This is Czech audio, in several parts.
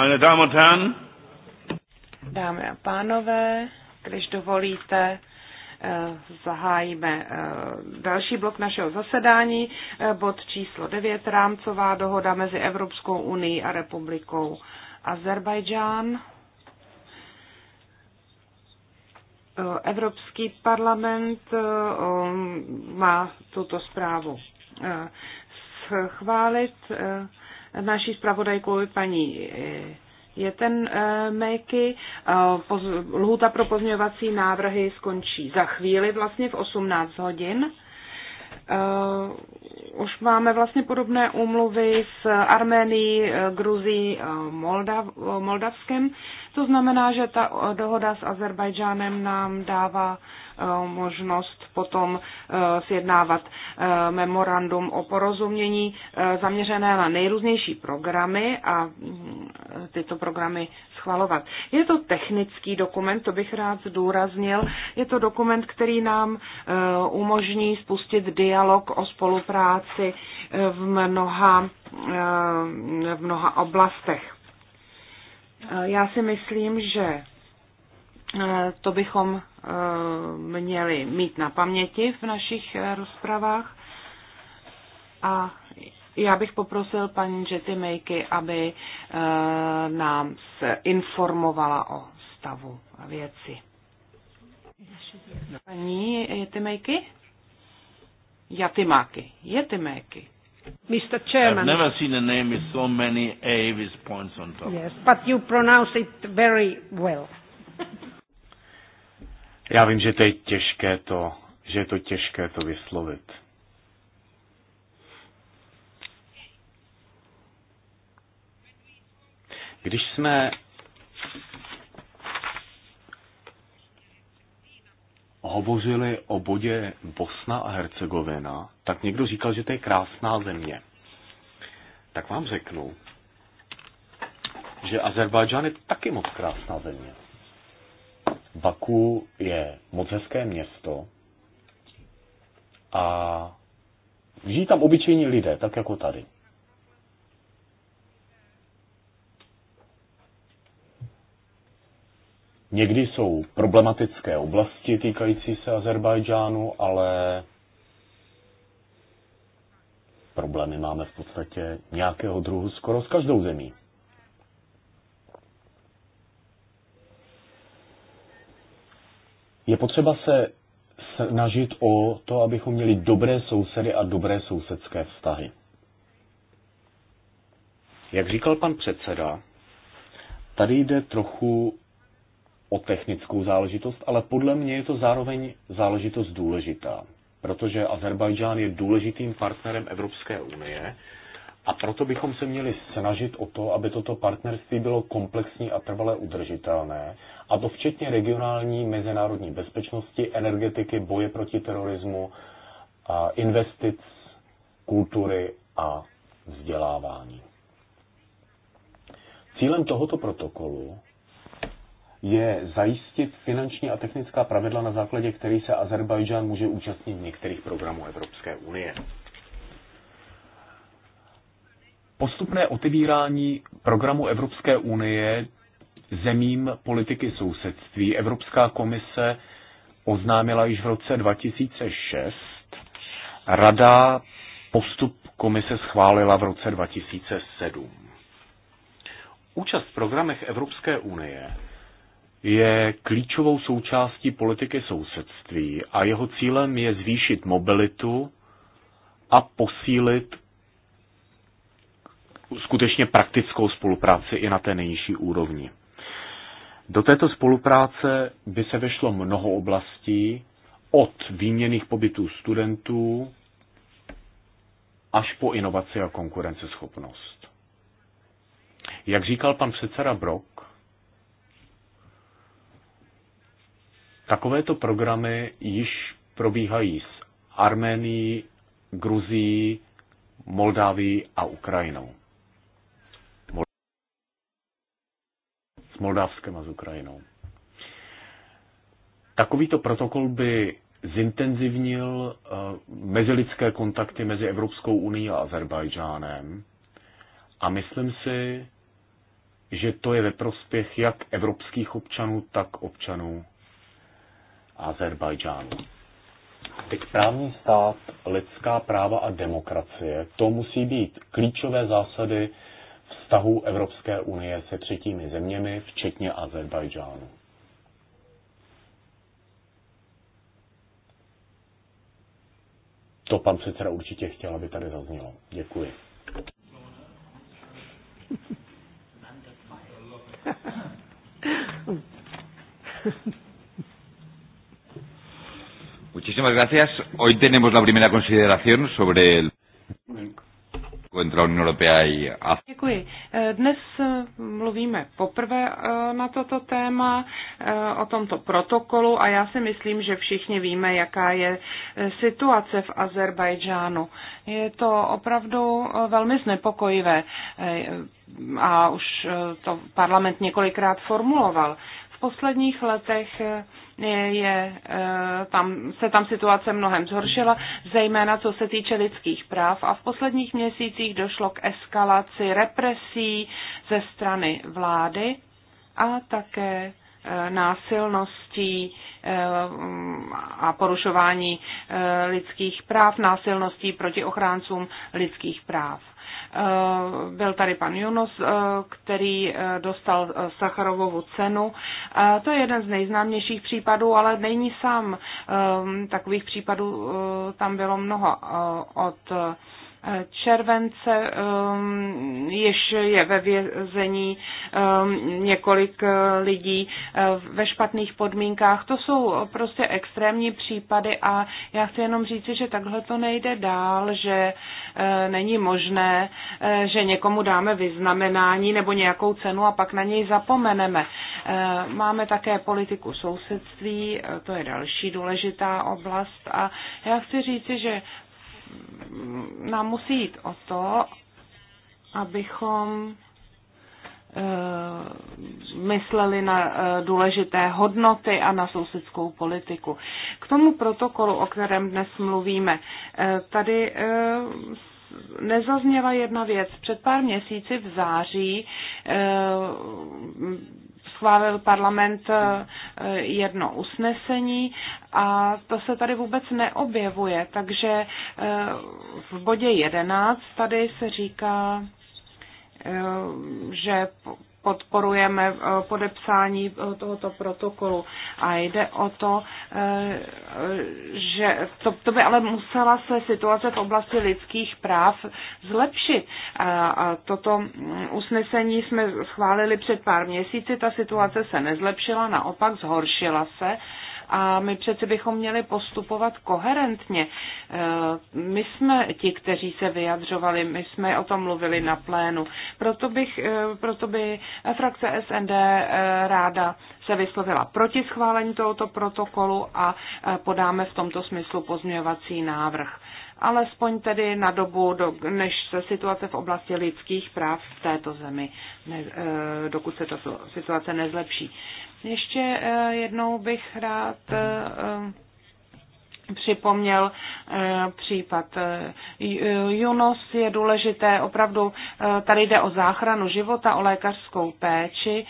Meine Damen und Herren. Dámy a pánové, když dovolíte, eh, zahájíme eh, další blok našeho zasedání, eh, bod číslo 9, rámcová dohoda mezi Evropskou unii a republikou Azerbajdžán. Evropský parlament má tuto zprávu schválit naší zpravodajkou paní eh, je ten e, eh, Meky. Eh, Lhuta pro pozměňovací návrhy skončí za chvíli, vlastně v 18 hodin. Uh, už máme vlastně podobné úmluvy s Arménií, Gruzí, Moldav, Moldavskem. To znamená, že ta dohoda s Azerbajdžánem nám dává Eh, možnost potom eh, sjednávat eh, memorandum o porozumění zaměřené na nejrůznější programy a mm, tyto programy schvalovat. Je to technický dokument, to bych rád zdůraznil. Je to dokument, který nám umožní spustit dialog o spolupráci v mnoha, v mnoha oblastech. Já si myslím, že Eh, to bychom eh, měli mít na paměti v našich eh, rozpravách. A já bych poprosil paní Jetty Mejky, aby nám se informovala o stavu věci. Paní Jetymejky? Jatymáky. Jetymejky. Mr. Chairman. I've never seen a name with so many A with points on top. Yes, but you pronounce it very well. Já vím, že to je těžké to, že je to těžké to vyslovit. Když jsme hovořili o bodě Bosna a Hercegovina, tak někdo říkal, že to je krásná země. Tak vám řeknu, že Azerbajdžán je taky moc krásná země. Baku je moc hezké město a žijí tam obyčejní lidé, tak jako tady. Někdy jsou problematické oblasti týkající se Azerbajdžánu, ale problémy máme v podstatě nějakého druhu skoro s každou zemí. Je potřeba se snažit o to, abychom měli dobré sousedy a dobré sousedské vztahy. Jak říkal pan předseda, tady jde trochu o technickou záležitost, ale podle mě je to zároveň záležitost důležitá, protože Azerbajdžán je důležitým partnerem Evropské unie a proto bychom se měli snažit o to, aby toto partnerství bylo komplexní a trvale udržitelné, a to včetně regionální mezinárodní bezpečnosti, energetiky, boje proti terorismu, investic, kultury a vzdělávání. Cílem tohoto protokolu je zajistit finanční a technická pravidla, na základě kterých se Azerbajdžán může účastnit v některých programů Evropské unie postupné otevírání programu Evropské unie zemím politiky sousedství. Evropská komise oznámila již v roce 2006. Rada postup komise schválila v roce 2007. Účast v programech Evropské unie je klíčovou součástí politiky sousedství a jeho cílem je zvýšit mobilitu a posílit skutečně praktickou spolupráci i na té nejnižší úrovni. Do této spolupráce by se vešlo mnoho oblastí, od výměných pobytů studentů až po inovaci a konkurenceschopnost. Jak říkal pan předseda Brok, takovéto programy již probíhají s Arménií, Gruzií, Moldávií a Ukrajinou. s Moldavskem a s Ukrajinou. Takovýto protokol by zintenzivnil eh, mezilidské kontakty mezi Evropskou unii a Azerbajdžánem a myslím si, že to je ve prospěch jak evropských občanů, tak občanů Azerbajdžánu. Teď právní stát, lidská práva a demokracie, to musí být klíčové zásady vztahů Evropské unie se třetími zeměmi, včetně Azerbajdžánu. To pan předseda určitě chtěl, aby tady zaznělo. Děkuji. Muchísimas gracias. Hoy tenemos la primera consideración sobre el. Děkuji. E, dnes e, mluvíme poprvé e, na toto téma, o tomto protokolu a já si myslím, že všichni víme, jaká je situace v Azerbajdžánu. Je to opravdu velmi znepokojivé a už to parlament několikrát formuloval. V posledních letech je, eh, tam, se tam situace mnohem zhoršila, zejména co se týče lidských práv a v posledních měsících došlo k eskalaci represí ze strany vlády a také eh, násilností a porušování eh, lidských práv, násilností proti ochráncům lidských práv. Eh, byl tady pan Junos, eh, který dostal Sacharovovu cenu. To je jeden z nejznámějších případů, ale není sám. Takových případů tam bylo mnoho od července, um, jež je ve vězení um, několik uh, lidí uh, ve špatných podmínkách. To jsou prostě extrémní případy a já chci jenom říci, že takhle to nejde dál, že uh, není možné, že někomu dáme vyznamenání nebo nějakou cenu a pak na něj zapomeneme. Máme také politiku sousedství, to je další důležitá oblast a já chci říci, že nám musí jít o to, abychom eh, mysleli na eh, důležité hodnoty a na sousedskou politiku. K tomu protokolu, o kterém dnes mluvíme, eh, tady nezazněla jedna věc. Před pár měsíci v září schválil parlament eh, jedno usnesení a to se tady vůbec neobjevuje. Takže eh, v bodě 11 tady se říká, eh, že podporujeme eh, podepsání eh, tohoto protokolu. A jde o to, eh, že to, to by ale musela se situace v oblasti lidských práv zlepšit. A toto mm, usnesení jsme schválili před pár měsíci, ta situace se nezlepšila, naopak zhoršila se a my přeci bychom měli postupovat koherentně. E, my jsme ti, kteří se vyjadřovali, my jsme o tom mluvili na plénu. Proto, bych, e, proto by frakce SND e, ráda se vyslovila proti schválení tohoto protokolu a podáme v tomto smyslu pozměňovací návrh alespoň tedy na dobu, než se situace v oblasti lidských práv v této zemi, eh, dokud se tato situace nezlepší. Ještě eh, jednou bych rád eh, připomněl eh, případ eh, Junos. Je důležité opravdu, eh, tady jde o záchranu života, o lékařskou péči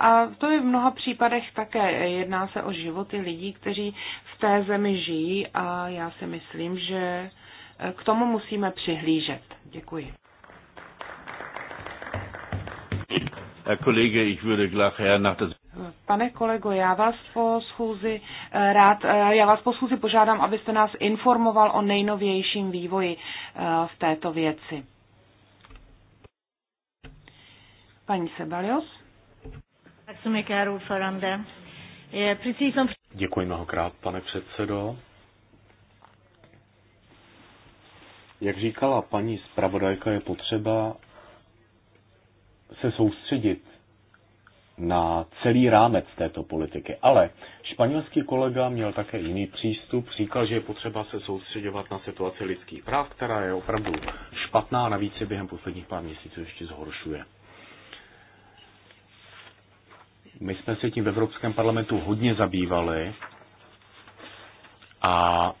a to je v mnoha případech také. Jedná se o životy lidí, kteří v té zemi žijí a já si myslím, že k tomu musíme přihlížet. Děkuji. Herr Kollege, ich würde gleich nach das Pane kolego, já vás po schůzi eh, rád, eh, já vás po schůzi požádám, abyste nás informoval o nejnovějším vývoji eh, v této věci. Paní Sebalios. Děkuji mnohokrát, pane předsedo. Jak říkala paní zpravodajka, je potřeba se soustředit na celý rámec této politiky. Ale španělský kolega měl také jiný přístup. Říkal, že je potřeba se soustředovat na situaci lidských práv, která je opravdu špatná a navíc se během posledních pár měsíců ještě zhoršuje. My jsme se tím v Evropském parlamentu hodně zabývali a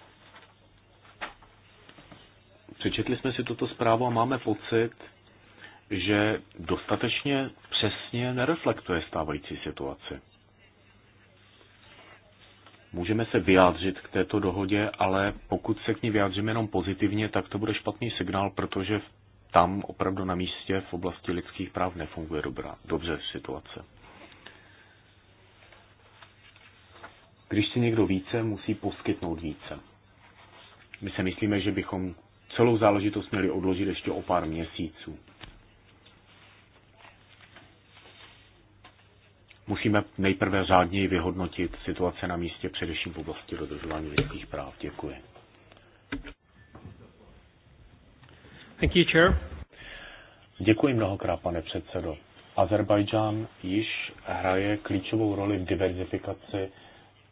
přečetli jsme si tuto zprávu a máme pocit, že dostatečně přesně nereflektuje stávající situaci. Můžeme se vyjádřit k této dohodě, ale pokud se k ní vyjádříme jenom pozitivně, tak to bude špatný signál, protože tam opravdu na místě v oblasti lidských práv nefunguje dobrá, dobře situace. Když si někdo více, musí poskytnout více. My se myslíme, že bychom celou záležitost měli odložit ještě o pár měsíců. musíme nejprve řádněji vyhodnotit situace na místě, především v oblasti dodržování lidských práv. Děkuji. Thank you, Chair. Děkuji mnohokrát, pane předsedo. Azerbajdžán již hraje klíčovou roli v diverzifikaci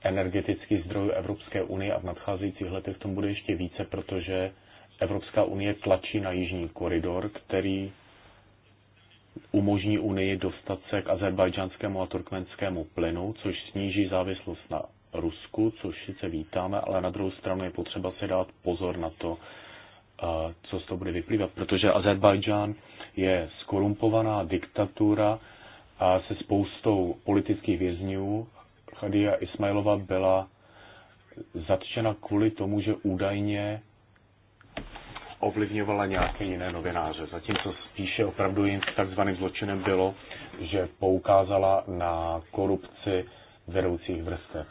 energetických zdrojů Evropské unie a v nadcházejících letech tom bude ještě více, protože Evropská unie tlačí na jižní koridor, který umožní Unii dostat se k azerbajdžanskému a turkmenskému plynu, což sníží závislost na Rusku, což sice vítáme, ale na druhou stranu je potřeba si dát pozor na to, eh, co z toho bude vyplývat, protože Azerbajdžán je skorumpovaná diktatura a se spoustou politických vězňů. Chadia Ismailova byla zatčena kvůli tomu, že údajně ovlivňovala nějaké jiné novináře. Zatímco spíše opravdu jim takzvaným zločinem bylo, že poukázala na korupci vedoucích vrstev.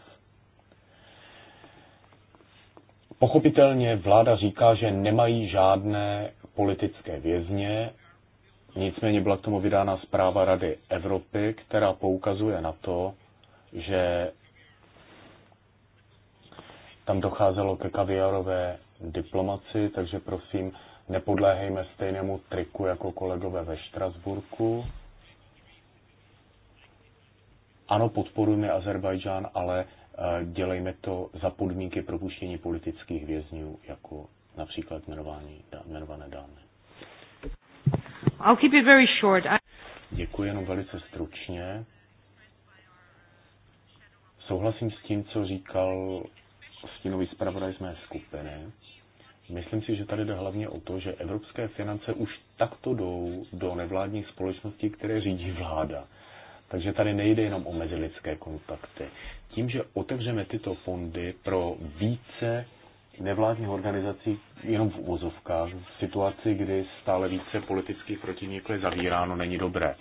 Pochopitelně vláda říká, že nemají žádné politické vězně, nicméně byla k tomu vydána zpráva Rady Evropy, která poukazuje na to, že tam docházelo ke kaviarové diplomaci, takže prosím, nepodléhejme stejnému triku jako kolegové ve Štrasburku. Ano, podporujme Azerbajdžán, ale eh, dělejme to za podmínky propuštění politických vězňů, jako například jmenování, jmenované dámy. I'll keep it very short. I... Děkuji jenom velice stručně. Souhlasím s tím, co říkal stínový zpravodaj z mé skupiny. Myslím si, že tady jde hlavně o to, že evropské finance už takto jdou do nevládních společností, které řídí vláda. Takže tady nejde jenom o mezilidské kontakty. Tím, že otevřeme tyto fondy pro více nevládních organizací jenom v uvozovkách, v situaci, kdy stále více politických protivníků je zavíráno, není dobré.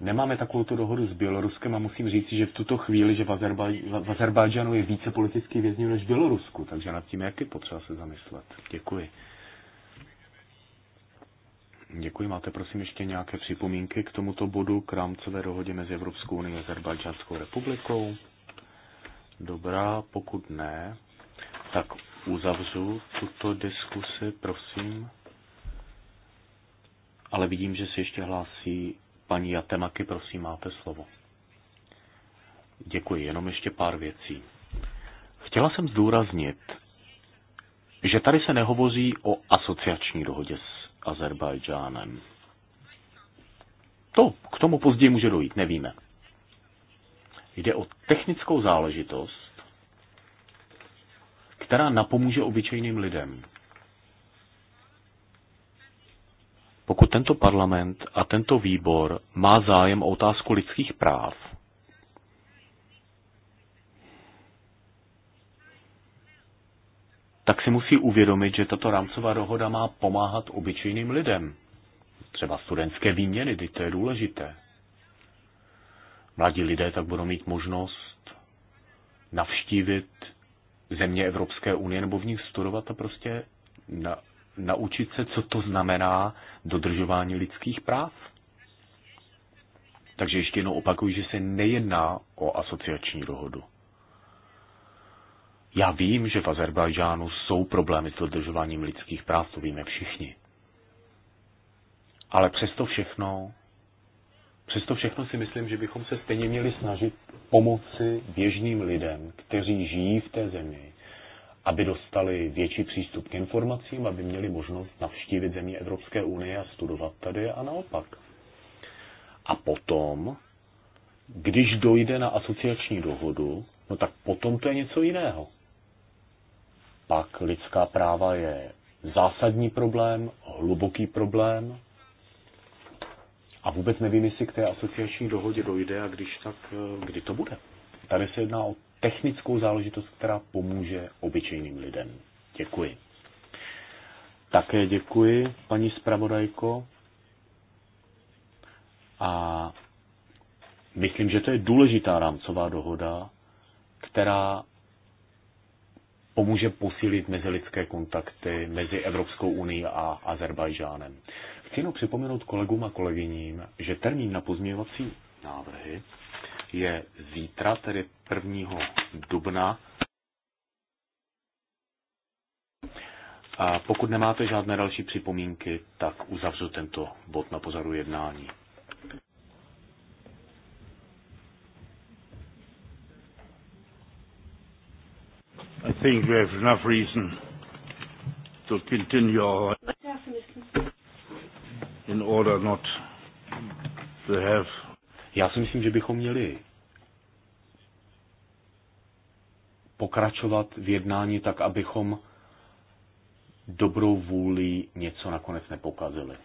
Nemáme takovou tu dohodu s Běloruskem a musím říct, že v tuto chvíli, že v, Azerbajdžanu je více politických vězňů než v Bělorusku, takže nad tím jak je potřeba se zamyslet. Děkuji. Děkuji. Máte prosím ještě nějaké připomínky k tomuto bodu, k rámcové dohodě mezi Evropskou unii a Azerbajdžánskou republikou? Dobrá, pokud ne, tak uzavřu tuto diskusi, prosím. Ale vidím, že se ještě hlásí Paní Jatemaky, prosím, máte slovo. Děkuji, jenom ještě pár věcí. Chtěla jsem zdůraznit, že tady se nehovoří o asociační dohodě s Azerbajdžánem. To k tomu později může dojít, nevíme. Jde o technickou záležitost, která napomůže obyčejným lidem. Pokud tento parlament a tento výbor má zájem o otázku lidských práv, tak si musí uvědomit, že tato rámcová dohoda má pomáhat obyčejným lidem. Třeba studentské výměny, kdy to je důležité. Mladí lidé tak budou mít možnost navštívit země Evropské unie nebo v nich studovat a prostě na, naučit se, co to znamená dodržování lidských práv. Takže ještě jednou opakuju, že se nejedná o asociační dohodu. Já vím, že v Azerbajžánu jsou problémy s dodržováním lidských práv, to víme všichni. Ale přesto všechno, přesto všechno si myslím, že bychom se stejně měli snažit pomoci běžným lidem, kteří žijí v té zemi, aby dostali větší přístup k informacím, aby měli možnost navštívit země Evropské unie a studovat tady a naopak. A potom, když dojde na asociační dohodu, no tak potom to je něco jiného. Pak lidská práva je zásadní problém, hluboký problém. A vůbec nevím, jestli k té asociační dohodě dojde a když tak, eh, kdy to bude. Tady se jedná o technickou záležitost, která pomůže obyčejným lidem. Děkuji. Také děkuji, paní zpravodajko. A myslím, že to je důležitá rámcová dohoda, která pomůže posílit mezilidské kontakty mezi Evropskou unii a Azerbajžánem. Chci jenom připomenout kolegům a kolegyním, že termín na pozměňovací návrhy je zítra, tedy 1. dubna. A pokud nemáte žádné další připomínky, tak uzavřu tento bod na pozoru jednání. I think we have enough reason to continue in order not to have já si myslím, že bychom měli pokračovat v jednání tak, abychom dobrou vůli něco nakonec nepokazili.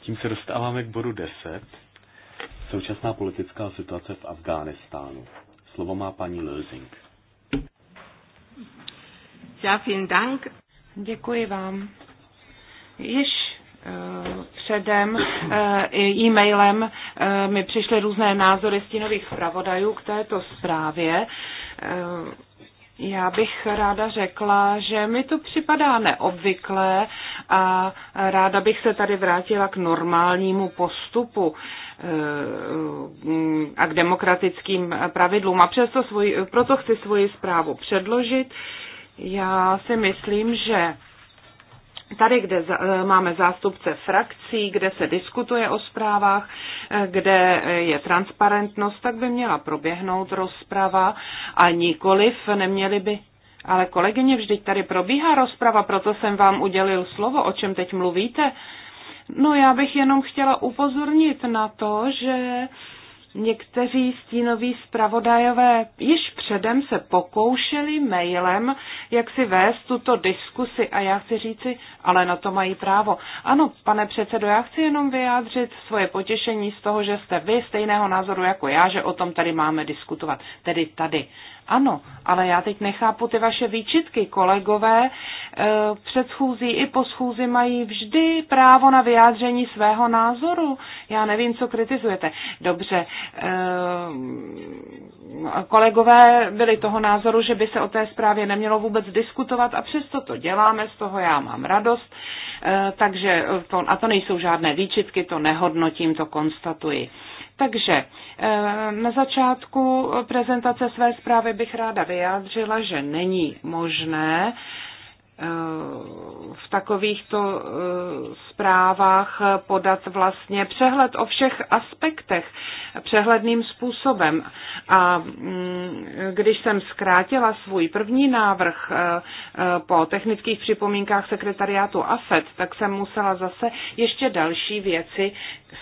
Tím se dostáváme k bodu 10. Současná politická situace v Afghánistánu. Slovo má paní Lösing. Ja, vielen Dank. Děkuji vám. Již eh, předem eh, e-mailem eh, mi přišly různé názory stínových zpravodajů k této zprávě. Já bych ráda řekla, že mi to připadá neobvyklé a ráda bych se tady vrátila k normálnímu postupu a k demokratickým pravidlům. A přesto svoji, proto chci svoji zprávu předložit já si myslím, že tady, kde e, máme zástupce frakcí, kde se diskutuje o zprávách, e, kde je transparentnost, tak by měla proběhnout rozprava a nikoliv neměli by. Ale kolegyně, vždyť tady probíhá rozprava, proto jsem vám udělil slovo, o čem teď mluvíte. No já bych jenom chtěla upozornit na to, že Někteří stínoví zpravodajové již předem se pokoušeli mailem, jak si vést tuto diskusi a já chci říci, ale na to mají právo. Ano, pane předsedo, já chci jenom vyjádřit svoje potěšení z toho, že jste vy stejného názoru jako já, že o tom tady máme diskutovat, tedy tady ano, ale já teď nechápu ty vaše výčitky. Kolegové eh, před schůzí i po schůzi mají vždy právo na vyjádření svého názoru. Já nevím, co kritizujete. Dobře, eh, kolegové byli toho názoru, že by se o té zprávě nemělo vůbec diskutovat a přesto to děláme, z toho já mám radost. Eh, takže to, a to nejsou žádné výčitky, to nehodnotím, to konstatuji. Takže eh, na začátku prezentace své zprávy bych ráda vyjádřila, že není možné eh, v takovýchto eh, zprávách podat vlastně přehled o všech aspektech přehledným způsobem. A mm, když jsem zkrátila svůj první návrh eh, eh, po technických připomínkách sekretariátu AFED, tak jsem musela zase ještě další věci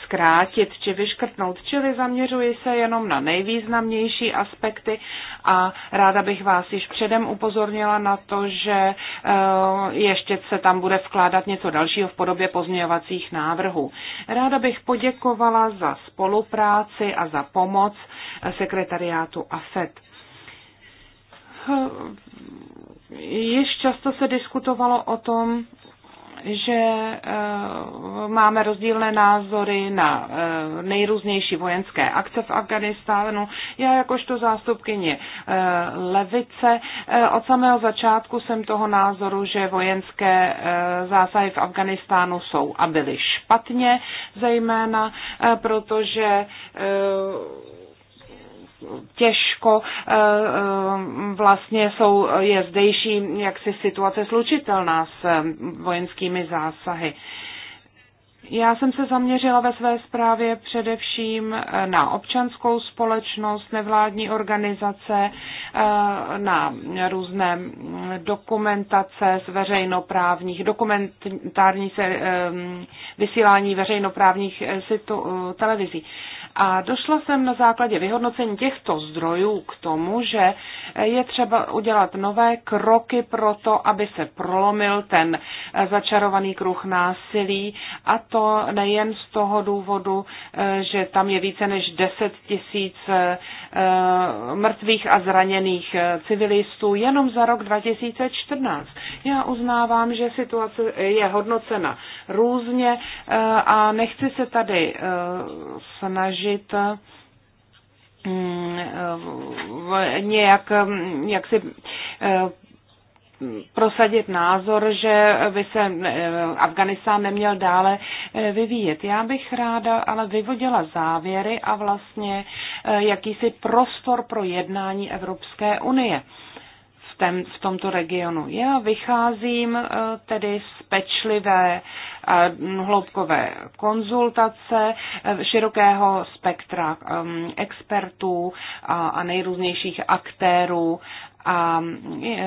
zkrátit či vyškrtnout, čili zaměřuji se jenom na nejvýznamnější aspekty a ráda bych vás již předem upozornila na to, že eh, ještě se tam bude vkládat něco dalšího v podobě pozměňovacích návrhů. Ráda bych poděkovala za spolupráci práci a za pomoc sekretariátu AFED. Hm, již často se diskutovalo o tom, že eh, máme rozdílné názory na eh, nejrůznější vojenské akce v Afganistánu. Já jakožto zástupkyně eh, levice od samého začátku jsem toho názoru, že vojenské zásahy v Afganistánu jsou a byly špatně, zejména protože těžko eh, eh, vlastně jsou, je zdejší jaksi situace slučitelná s eh, vojenskými zásahy. Já jsem se zaměřila ve své zprávě především na občanskou společnost, nevládní organizace, na různé dokumentace z veřejnoprávních, dokumentární se, vysílání veřejnoprávních situ, televizí. A došla jsem na základě vyhodnocení těchto zdrojů k tomu, že je třeba udělat nové kroky pro to, aby se prolomil ten eh, začarovaný kruh násilí a to nejen z toho důvodu, eh, že tam je více než 10 tisíc eh, mrtvých a zraněných civilistů jenom za rok 2014. Já uznávám, že situace je hodnocena různě a nechci se tady snažit snažit mm, nějak jak si eh, prosadit názor, že by se eh, Afganistán neměl dále eh, vyvíjet. Já bych ráda ale vyvodila závěry a vlastně jakýsi prostor pro jednání Evropské unie v, tomto regionu. Já vycházím tedy z pečlivé hloubkové konzultace eh, širokého spektra ehm, expertů a nejrůznějších aktérů a eh,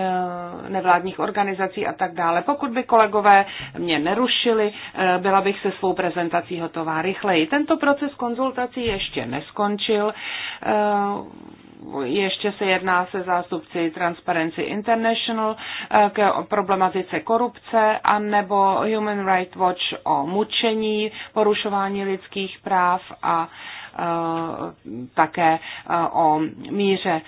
nevládních organizací a tak dále. Pokud by kolegové mě nerušili, eh, byla bych se svou prezentací hotová rychleji. Tento proces konzultací ještě neskončil ještě se jedná se zástupci Transparency International eh, k problematice korupce a nebo Human Rights Watch o mučení, porušování lidských práv a eh, také eh, o míře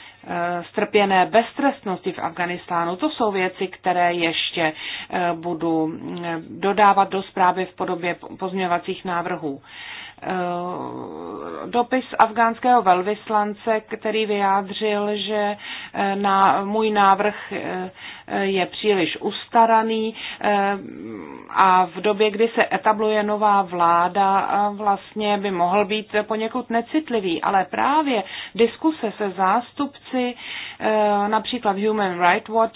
strpěné beztrestnosti v Afganistánu. To jsou věci, které ještě budu dodávat do zprávy v podobě pozměňovacích návrhů. Eh, dopis afgánského velvyslance, který vyjádřil, že eh, na můj návrh eh, je příliš ustaraný a v době, kdy se etabluje nová vláda, vlastně by mohl být poněkud necitlivý, ale právě diskuse se zástupci, například Human Rights Watch,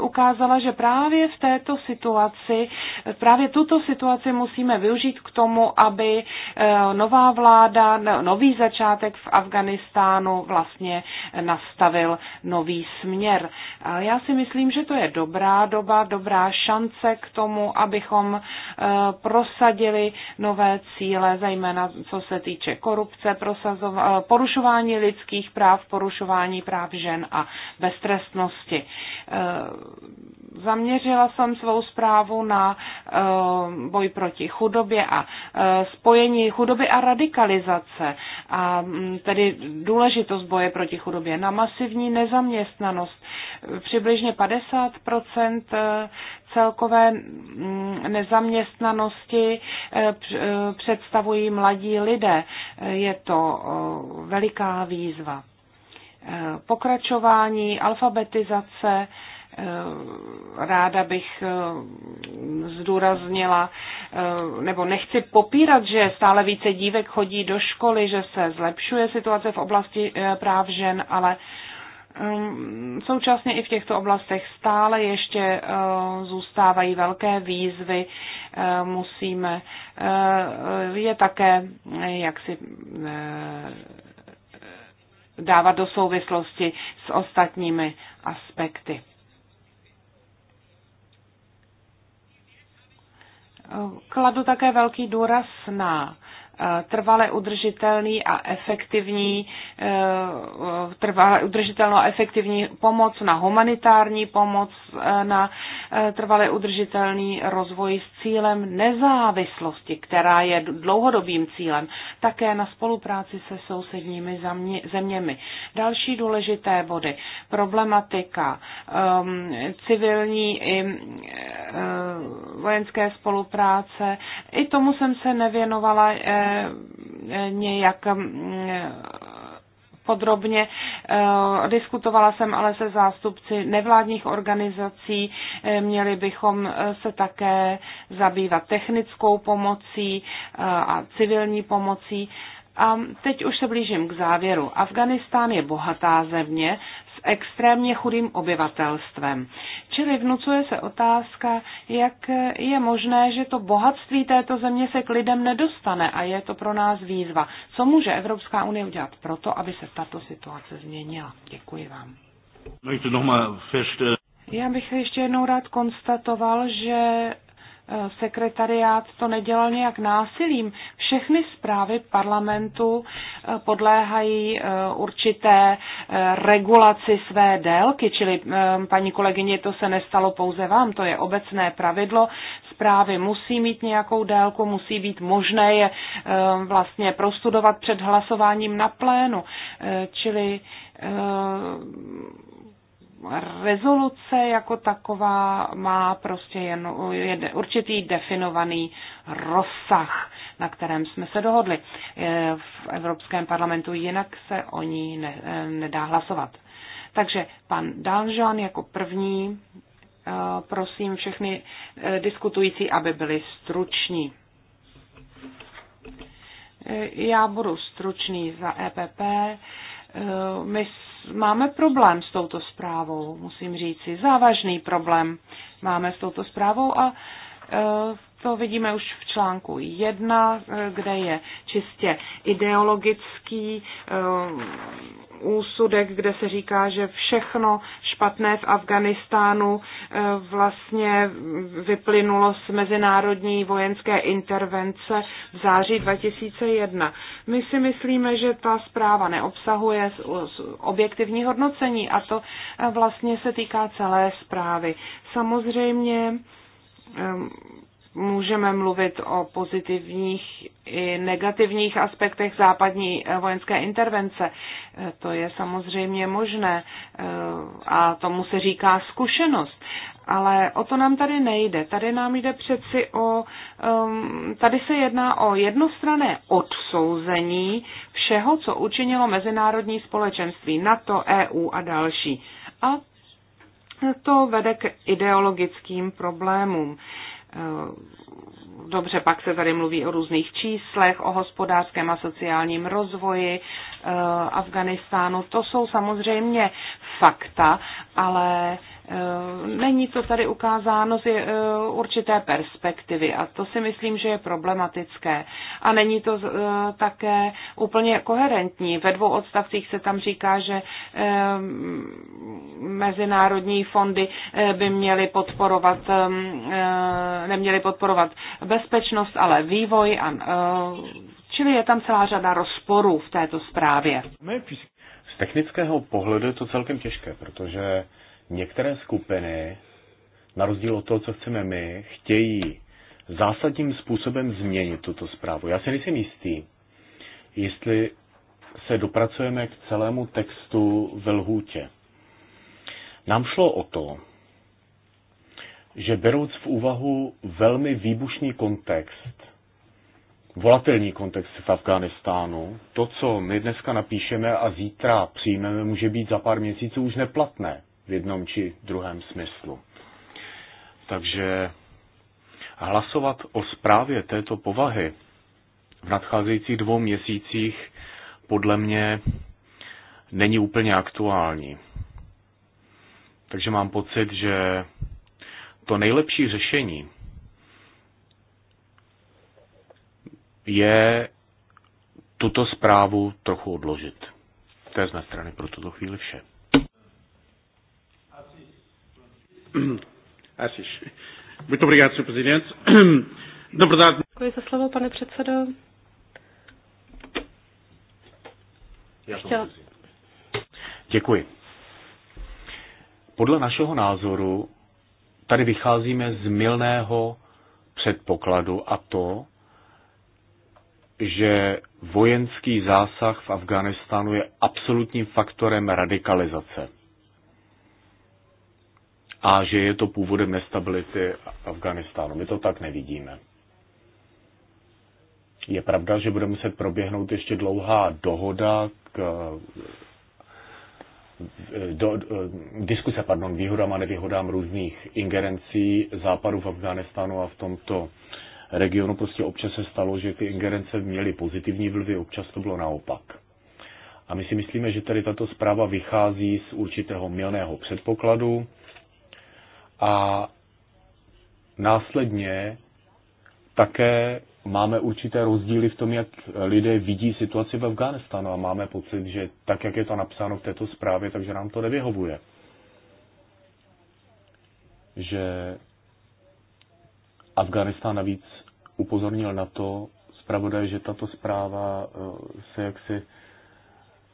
ukázala, že právě v této situaci, právě tuto situaci musíme využít k tomu, aby eh, nová vláda, no, nový začátek v Afganistánu vlastně nastavil nový směr. Já si myslím, že to je dobrá doba, dobrá šance k tomu, abychom eh, prosadili nové cíle, zejména co se týče korupce, porušování lidských práv, porušování práv žen a beztrestnosti. Eh, zaměřila jsem svou zprávu na boj proti chudobě a spojení chudoby a radikalizace a mm, tedy důležitost boje proti chudobě na masivní nezaměstnanost. Přibližně 50 eh, celkové mm, nezaměstnanosti eh, eh, představují mladí lidé. Je to veliká výzva. Pokračování, alfabetizace, Eh, ráda bych eh, zdůraznila, eh, nebo nechci popírat, že stále více dívek chodí do školy, že se zlepšuje situace v oblasti práv žen, ale ehm, současně i v těchto oblastech stále ještě zůstávají velké výzvy. Musíme je také jak si dávat do souvislosti s ostatními aspekty. Kladu také velký důraz na trvale udržitelný a efektivní, eh, trvale udržitelnou a efektivní pomoc na humanitární pomoc, eh, na eh, trvale udržitelný rozvoj s cílem nezávislosti, která je dlouhodobým cílem, také na spolupráci se sousedními zeměmi. Další důležité body. Problematika ehm, civilní i vojenské spolupráce. I tomu jsem se nevěnovala Eh, nějak mm, podrobně. Eh, diskutovala jsem ale se zástupci nevládních organizací. Eh, měli bychom se také zabývat technickou pomocí a civilní pomocí. A teď už se blížím k závěru. Afganistán je bohatá země, s extrémně chudým obyvatelstvem. Čili vnucuje se otázka, jak je možné, že to bohatství této země se k lidem nedostane a je to pro nás výzva. Co může Evropská unie udělat proto, aby se tato situace změnila? Děkuji vám. Já bych ještě jednou rád konstatoval, že Eh, sekretariát to nedělal nějak násilím. Všechny zprávy parlamentu eh, podléhají eh, určité regulaci své délky, čili paní kolegyně, to se nestalo pouze vám, to je obecné pravidlo. Zprávy musí mít nějakou délku, musí být možné je vlastně prostudovat před hlasováním na plénu. Čili rezoluce jako taková má prostě jen určitý definovaný rozsah, na kterém jsme se dohodli e, v Evropském parlamentu, jinak se o ní ne, e, nedá hlasovat. Takže pan Danžan jako první, e, prosím všechny diskutující, aby byli struční. Já budu stručný za EPP. My máme problém s touto zprávou, musím říci, závažný problém máme s touto zprávou a eh, to vidíme už v článku 1, kde je čistě ideologický eh, úsudek, kde se říká, že všechno špatné v Afganistánu eh, vlastně vyplynulo z mezinárodní vojenské intervence v září 2001. My si myslíme, že ta zpráva neobsahuje objektivní hodnocení a to eh, vlastně se týká celé zprávy. Samozřejmě můžeme mluvit o pozitivních i negativních aspektech západní eh, vojenské intervence. Eh, to je samozřejmě možné eh, a tomu se říká zkušenost. Ale o to nám tady nejde. Tady nám jde přeci o. Ehm, tady se jedná o jednostrané odsouzení všeho, co učinilo mezinárodní společenství, NATO, EU a další. A to vede k ideologickým problémům. Eh, dobře, pak se tady mluví o různých číslech, o hospodářském a sociálním rozvoji eh, Afganistánu. To jsou samozřejmě fakta, ale Eh, není to tady ukázáno z eh, určité perspektivy a to si myslím, že je problematické. A není to eh, také úplně koherentní. Ve dvou odstavcích se tam říká, že mezinárodní fondy by měly podporovat, neměly podporovat bezpečnost, ale vývoj a Čili je tam celá řada rozporů v této zprávě. Z technického pohledu je to celkem těžké, protože Některé skupiny, na rozdíl od toho, co chceme my, chtějí zásadním způsobem změnit tuto zprávu. Já si nejsem jistý, jestli se dopracujeme k celému textu ve lhůtě. Nám šlo o to, že berouc v úvahu velmi výbušný kontext, volatilní kontext v Afganistánu, to, co my dneska napíšeme a zítra přijmeme, může být za pár měsíců už neplatné v jednom či druhém smyslu. Takže hlasovat o zprávě této povahy v nadcházejících dvou měsících podle mě není úplně aktuální. Takže mám pocit, že to nejlepší řešení je tuto zprávu trochu odložit. To je z mé strany pro tuto chvíli vše. Muito obrigado, Sr. Presidente. Na verdade... Děkuji za slovo, pane předsedo. Chtěl... Děkuji. Podle našeho názoru tady vycházíme z milného předpokladu a to, že vojenský zásah v Afganistánu je absolutním faktorem radikalizace a že je to původem nestability Afganistánu. My to tak nevidíme. Je pravda, že bude muset proběhnout ještě dlouhá dohoda k do, do, diskuse, pardon, výhodám a nevýhodám různých ingerencí západu v Afganistánu a v tomto regionu prostě občas se stalo, že ty ingerence měly pozitivní vlivy, občas to bylo naopak. A my si myslíme, že tady tato zpráva vychází z určitého milného předpokladu, a následně také máme určité rozdíly v tom, jak lidé vidí situaci v Afghánistánu a máme pocit, že tak, jak je to napsáno v této zprávě, takže nám to nevyhovuje. Že Afganistán navíc upozornil na to zpravodaj, že tato zpráva eh, se jaksi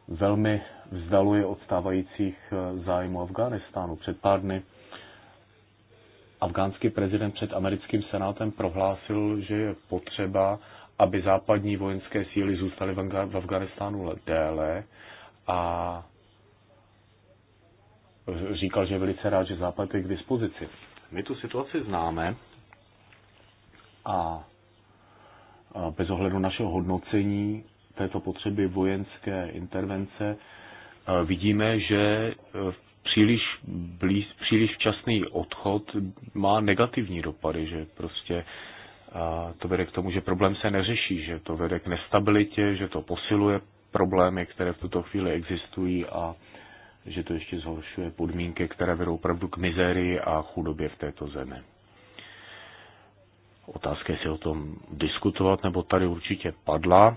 velmi vzdaluje od stávajících eh, zájmů Afganistánu. Před pár dny afgánský prezident před americkým senátem prohlásil, že je potřeba, aby západní vojenské síly zůstaly v Afganistánu déle a říkal, že je velice rád, že Západ je k dispozici. My tu situaci známe a bez ohledu našeho hodnocení této potřeby vojenské intervence vidíme, že v příliš, blíz, příliš včasný odchod má negativní dopady, že prostě a to vede k tomu, že problém se neřeší, že to vede k nestabilitě, že to posiluje problémy, které v tuto chvíli existují a že to ještě zhoršuje podmínky, které vedou opravdu k mizérii a chudobě v této zemi. Otázka, jestli o tom diskutovat, nebo tady určitě padla.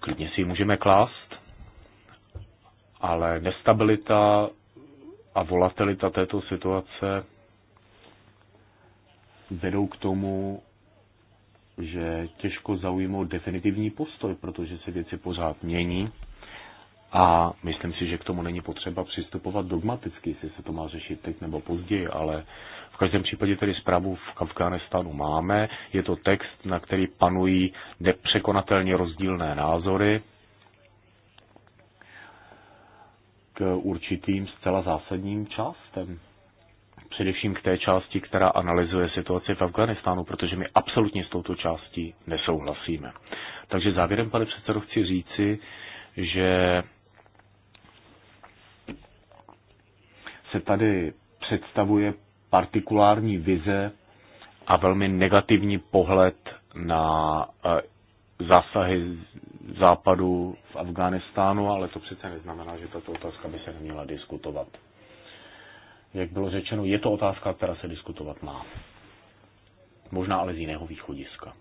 Klidně si ji můžeme klást ale nestabilita a volatilita této situace vedou k tomu, že těžko zaujmou definitivní postoj, protože se věci pořád mění a myslím si, že k tomu není potřeba přistupovat dogmaticky, jestli se to má řešit teď nebo později, ale v každém případě tedy zprávu v Afganistánu máme. Je to text, na který panují nepřekonatelně rozdílné názory, k určitým zcela zásadním částem. Především k té části, která analyzuje situaci v Afganistánu, protože my absolutně s touto částí nesouhlasíme. Takže závěrem, pane předsedo, chci říci, že se tady představuje partikulární vize a velmi negativní pohled na eh, zásahy západu v Afghánistánu, ale to přece neznamená, že tato otázka by se neměla diskutovat. Jak bylo řečeno, je to otázka, která se diskutovat má. Možná ale z jiného východiska.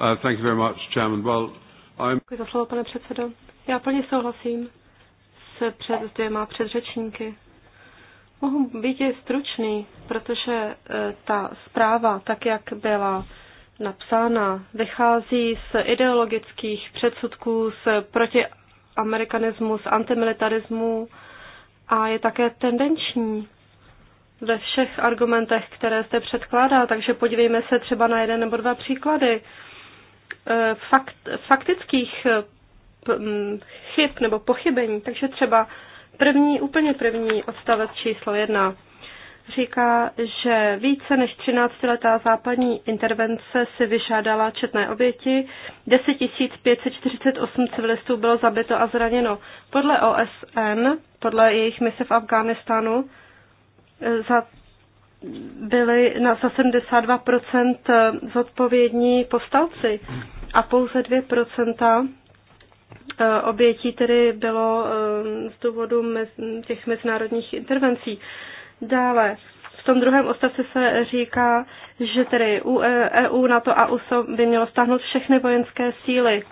Uh, thank you very much, Chairman. Well, I'm... Děkuji za slovo, pane předsedo. Já plně souhlasím s před dvěma předřečníky. Mohu být je stručný, protože eh, ta zpráva, tak jak byla napsána, vychází z ideologických předsudků, z protiamerikanismu, z antimilitarismu a je také tendenční ve všech argumentech, které jste předkládá, takže podívejme se třeba na jeden nebo dva příklady eh, fakt, faktických eh, chyb nebo pochybení. Takže třeba První, úplně první odstavec číslo jedna říká, že více než 13-letá západní intervence si vyžádala četné oběti, 10 548 civilistů bylo zabito a zraněno. Podle OSN, podle jejich mise v Afghánistánu, eh, za byli na za 72% eh, zodpovědní povstalci a pouze 2% Eh, obětí tedy bylo eh, z důvodu těch mezinárodních intervencí. Dále, v tom druhém odstavci se říká, že tedy EU, e-, e NATO a USA by mělo stáhnout všechny vojenské síly,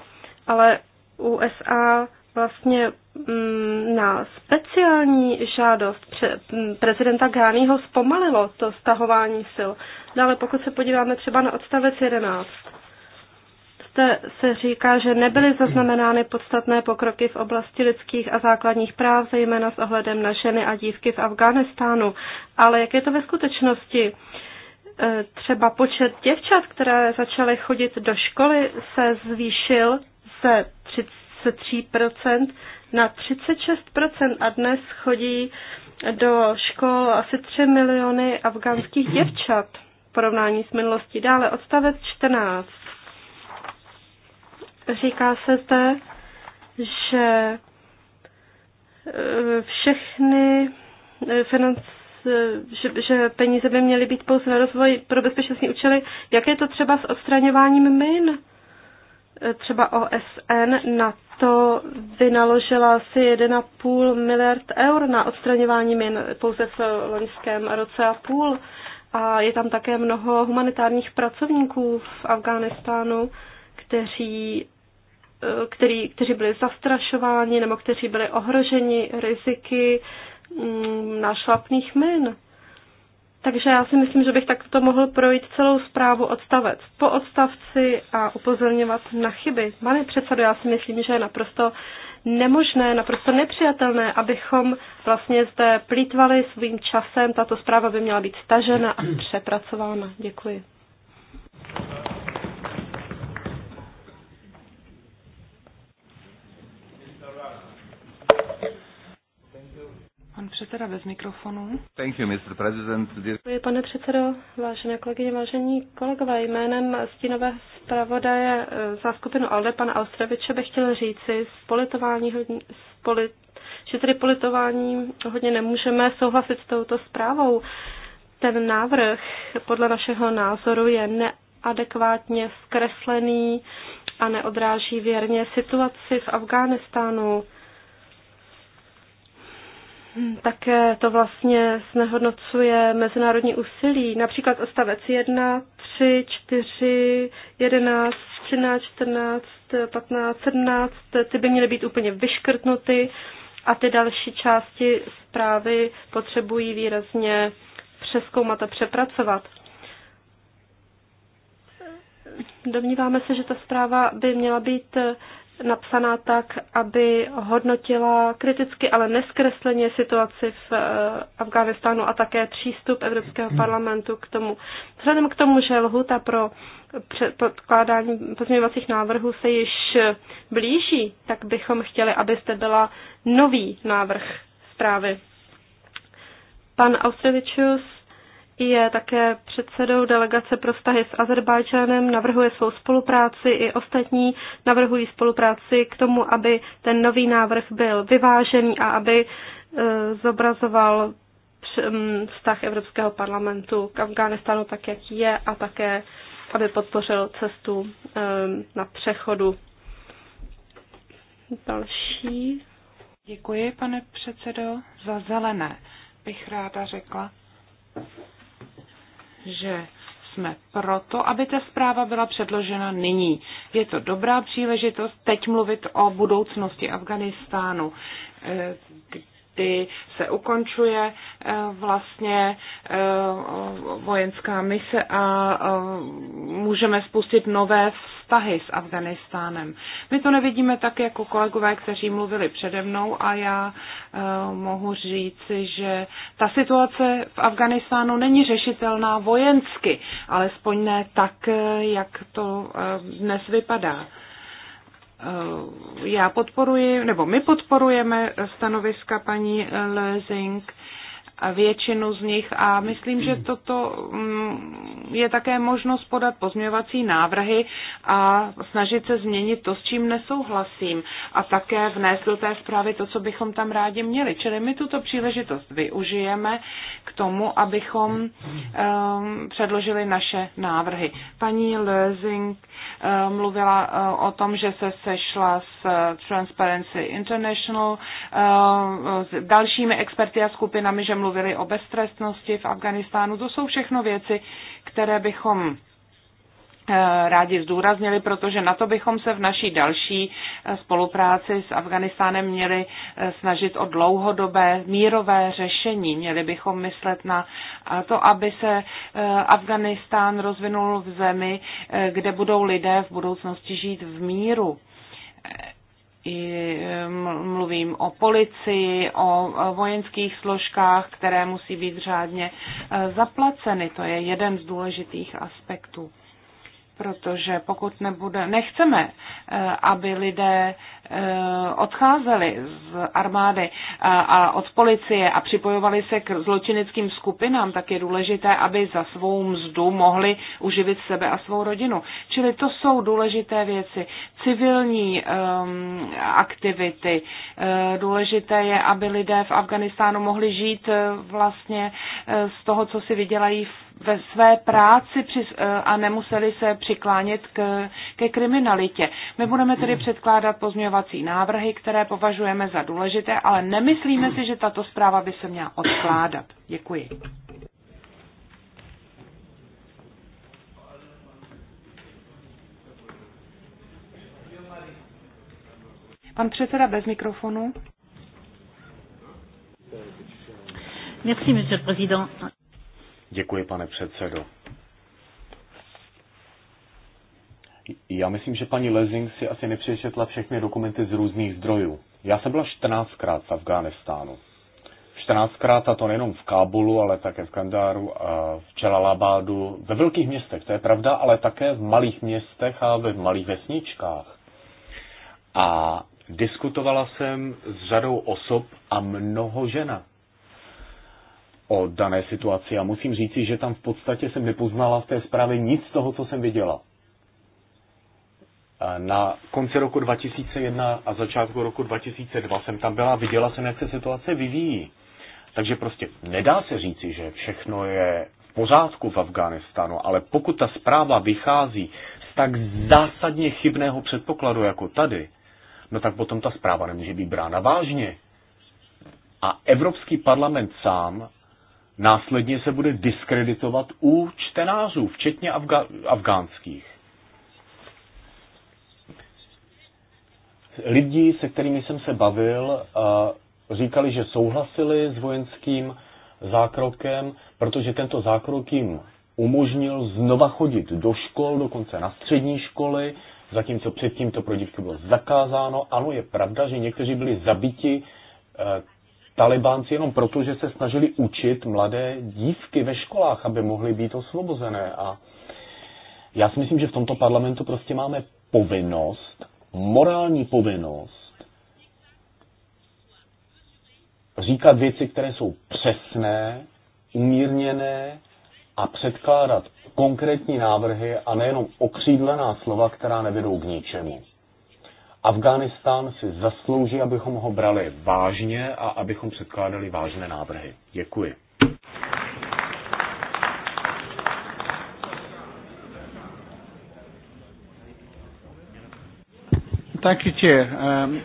ale USA vlastně mm, na speciální žádost mm, prezidenta Ghányho zpomalilo to stahování sil. Dále pokud se podíváme třeba na odstavec 11, se říká, že nebyly zaznamenány podstatné pokroky v oblasti lidských a základních práv, zejména s ohledem na ženy a dívky v Afghánistánu. Ale jak je to ve skutečnosti? E, třeba počet děvčat, které začaly chodit do školy, se zvýšil ze 33% na 36% a dnes chodí do škol asi 3 miliony afgánských děvčat v porovnání s minulostí. Dále odstavec 14 Říká se zde, že eh, všechny eh, finance, eh, že, že peníze by měly být pouze na rozvoj pro bezpečnostní účely. Jak je to třeba s odstraňováním min? Třeba OSN na to vynaložila asi 1,5 miliard eur na odstraňování min pouze v loňském roce a půl. A je tam také mnoho humanitárních pracovníků v Afghánistánu, kteří který, kteří byli zastrašováni nebo kteří byli ohroženi riziky mm, nášlapných min. Takže já si myslím, že bych takto mohl projít celou zprávu odstavec po odstavci a upozorňovat na chyby. Pane předsedo, já si myslím, že je naprosto nemožné, naprosto nepřijatelné, abychom vlastně zde plítvali svým časem. Tato zpráva by měla být stažena a přepracována. Děkuji. Předseda bez mikrofonu. Thank you, Mr. President. Děkuji, pane předsedo, vážené kolegyně, vážení kolegové. Jménem stínové zpravodaje eh, za skupinu ALDE pana Austraviče, bych chtěl říci s politování hodně, polit, že tedy politování hodně nemůžeme souhlasit s touto zprávou. Ten návrh podle našeho názoru je neadekvátně zkreslený a neodráží věrně situaci v Afghánistánu. Mm, také to vlastně znehodnocuje mezinárodní úsilí. Například odstavec 1, 3, 4, 11, 13, 14, 15, 17, ty by měly být úplně vyškrtnuty a ty další části zprávy potřebují výrazně přeskoumat a přepracovat. Domníváme se, že ta zpráva by měla být napsaná tak, aby hodnotila kriticky, ale neskresleně situaci v eh, Afghánistánu a také přístup Evropského parlamentu k tomu. Vzhledem k tomu, že lhuta pro podkládání pozměňovacích návrhů se již blíží, tak bychom chtěli, abyste byla nový návrh zprávy. Pan Austrevičius je také předsedou delegace pro vztahy s Azerbajdžánem, navrhuje svou spolupráci i ostatní navrhují spolupráci k tomu, aby ten nový návrh byl vyvážený a aby e, zobrazoval vztah Evropského parlamentu k Afganistánu tak, jak je a také, aby podpořil cestu e, na přechodu. Další. Děkuji, pane předsedo, za zelené, bych ráda řekla že jsme proto, aby ta zpráva byla předložena nyní. Je to dobrá příležitost teď mluvit o budoucnosti Afganistánu eh, kdy se ukončuje eh, vlastně eh, vojenská mise a eh, můžeme spustit nové vztahy s Afganistánem. My to nevidíme tak jako kolegové, kteří mluvili přede mnou a já mohu říci, že ta situace v Afganistánu není řešitelná vojensky, alespoň ne tak, jak to dnes vypadá. Eh, já podporuji, nebo my podporujeme stanoviska paní Lezing a většinu z nich a myslím, že toto mm, je také možnost podat pozměňovací návrhy a snažit se změnit to, s čím nesouhlasím a také vnést do té zprávy to, co bychom tam rádi měli. Čili my tuto příležitost využijeme k tomu, abychom um, předložili naše návrhy. Paní Lezing uh, ehm, mluvila uh, o tom, že se sešla s eh, Transparency International, uh, s dalšími experty a skupinami, že mluvila mluvili o beztrestnosti v Afganistánu. To jsou všechno věci, které bychom eh, rádi zdůraznili, protože na to bychom se v naší další eh, spolupráci s Afganistánem měli eh, snažit o dlouhodobé mírové řešení. Měli bychom myslet na to, aby se Afganistán rozvinul v zemi, kde budou lidé v budoucnosti žít v míru mluvím o policii, o vojenských složkách, které musí být řádně e, zaplaceny. To je jeden z důležitých aspektů protože pokud nebude, nechceme, eh, aby lidé eh, odcházeli z armády eh, a od policie a připojovali se k zločineckým skupinám, tak je důležité, aby za svou mzdu mohli uživit sebe a svou rodinu. Čili to jsou důležité věci. Civilní um, aktivity. Důležité je, aby lidé v Afganistánu mohli žít vlastně z toho, co si vydělají v ve své práci při, eh, a nemuseli se přiklánět k, ke kriminalitě. My budeme tedy předkládat pozměňovací návrhy, které považujeme za důležité, ale nemyslíme si, že tato zpráva by se měla odkládat. Děkuji. Pan předseda bez mikrofonu. Merci, monsieur le président. Děkuji, pane předsedo. Já myslím, že paní Lezing si asi nepřečetla všechny dokumenty z různých zdrojů. Já jsem byla 14krát v Afghánistánu. 14krát a to nejenom v Kábulu, ale také v Kandáru, a v Čelalabádu, ve velkých městech, to je pravda, ale také v malých městech a ve malých vesničkách. A diskutovala jsem s řadou osob a mnoho žena, o dané situaci a musím říci, že tam v podstatě jsem nepoznala v té zprávě nic z toho, co jsem viděla. Na konci roku 2001 a začátku roku 2002 jsem tam byla a viděla jsem, jak se situace vyvíjí. Takže prostě nedá se říci, že všechno je v pořádku v Afghánistánu, ale pokud ta zpráva vychází z tak zásadně chybného předpokladu jako tady, no tak potom ta zpráva nemůže být brána vážně. A Evropský parlament sám následně se bude diskreditovat u čtenářů, včetně Afga- afgánských. Lidi, se kterými jsem se bavil, říkali, že souhlasili s vojenským zákrokem, protože tento zákrok jim umožnil znova chodit do škol, dokonce na střední školy, zatímco předtím to pro dívky bylo zakázáno. Ano, je pravda, že někteří byli zabiti talibánci jenom proto, že se snažili učit mladé dívky ve školách, aby mohly být osvobozené. A já si myslím, že v tomto parlamentu prostě máme povinnost, morální povinnost, říkat věci, které jsou přesné, umírněné a předkládat konkrétní návrhy a nejenom okřídlená slova, která nevedou k ničemu. Afghánistán si zaslouží, abychom ho brali vážně a abychom předkládali vážné návrhy. Děkuji. Thank you, Chair. Um,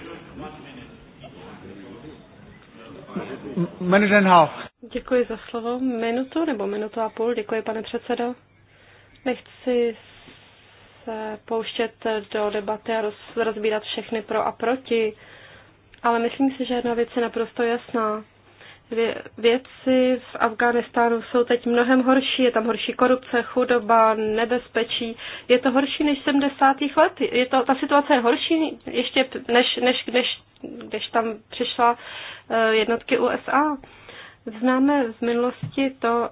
minute and half. Děkuji za slovo. Minutu nebo minutu a půl. Děkuji, pane předsedo. Nechci se pouštět do debaty a roz, rozbírat všechny pro a proti, ale myslím si, že jedna věc je naprosto jasná. Vě, věci v Afghánistánu jsou teď mnohem horší, je tam horší korupce, chudoba, nebezpečí. Je to horší než 70. let. Je to, ta situace je horší ještě než, než než když tam přišla eh, jednotky USA. Známe z minulosti to,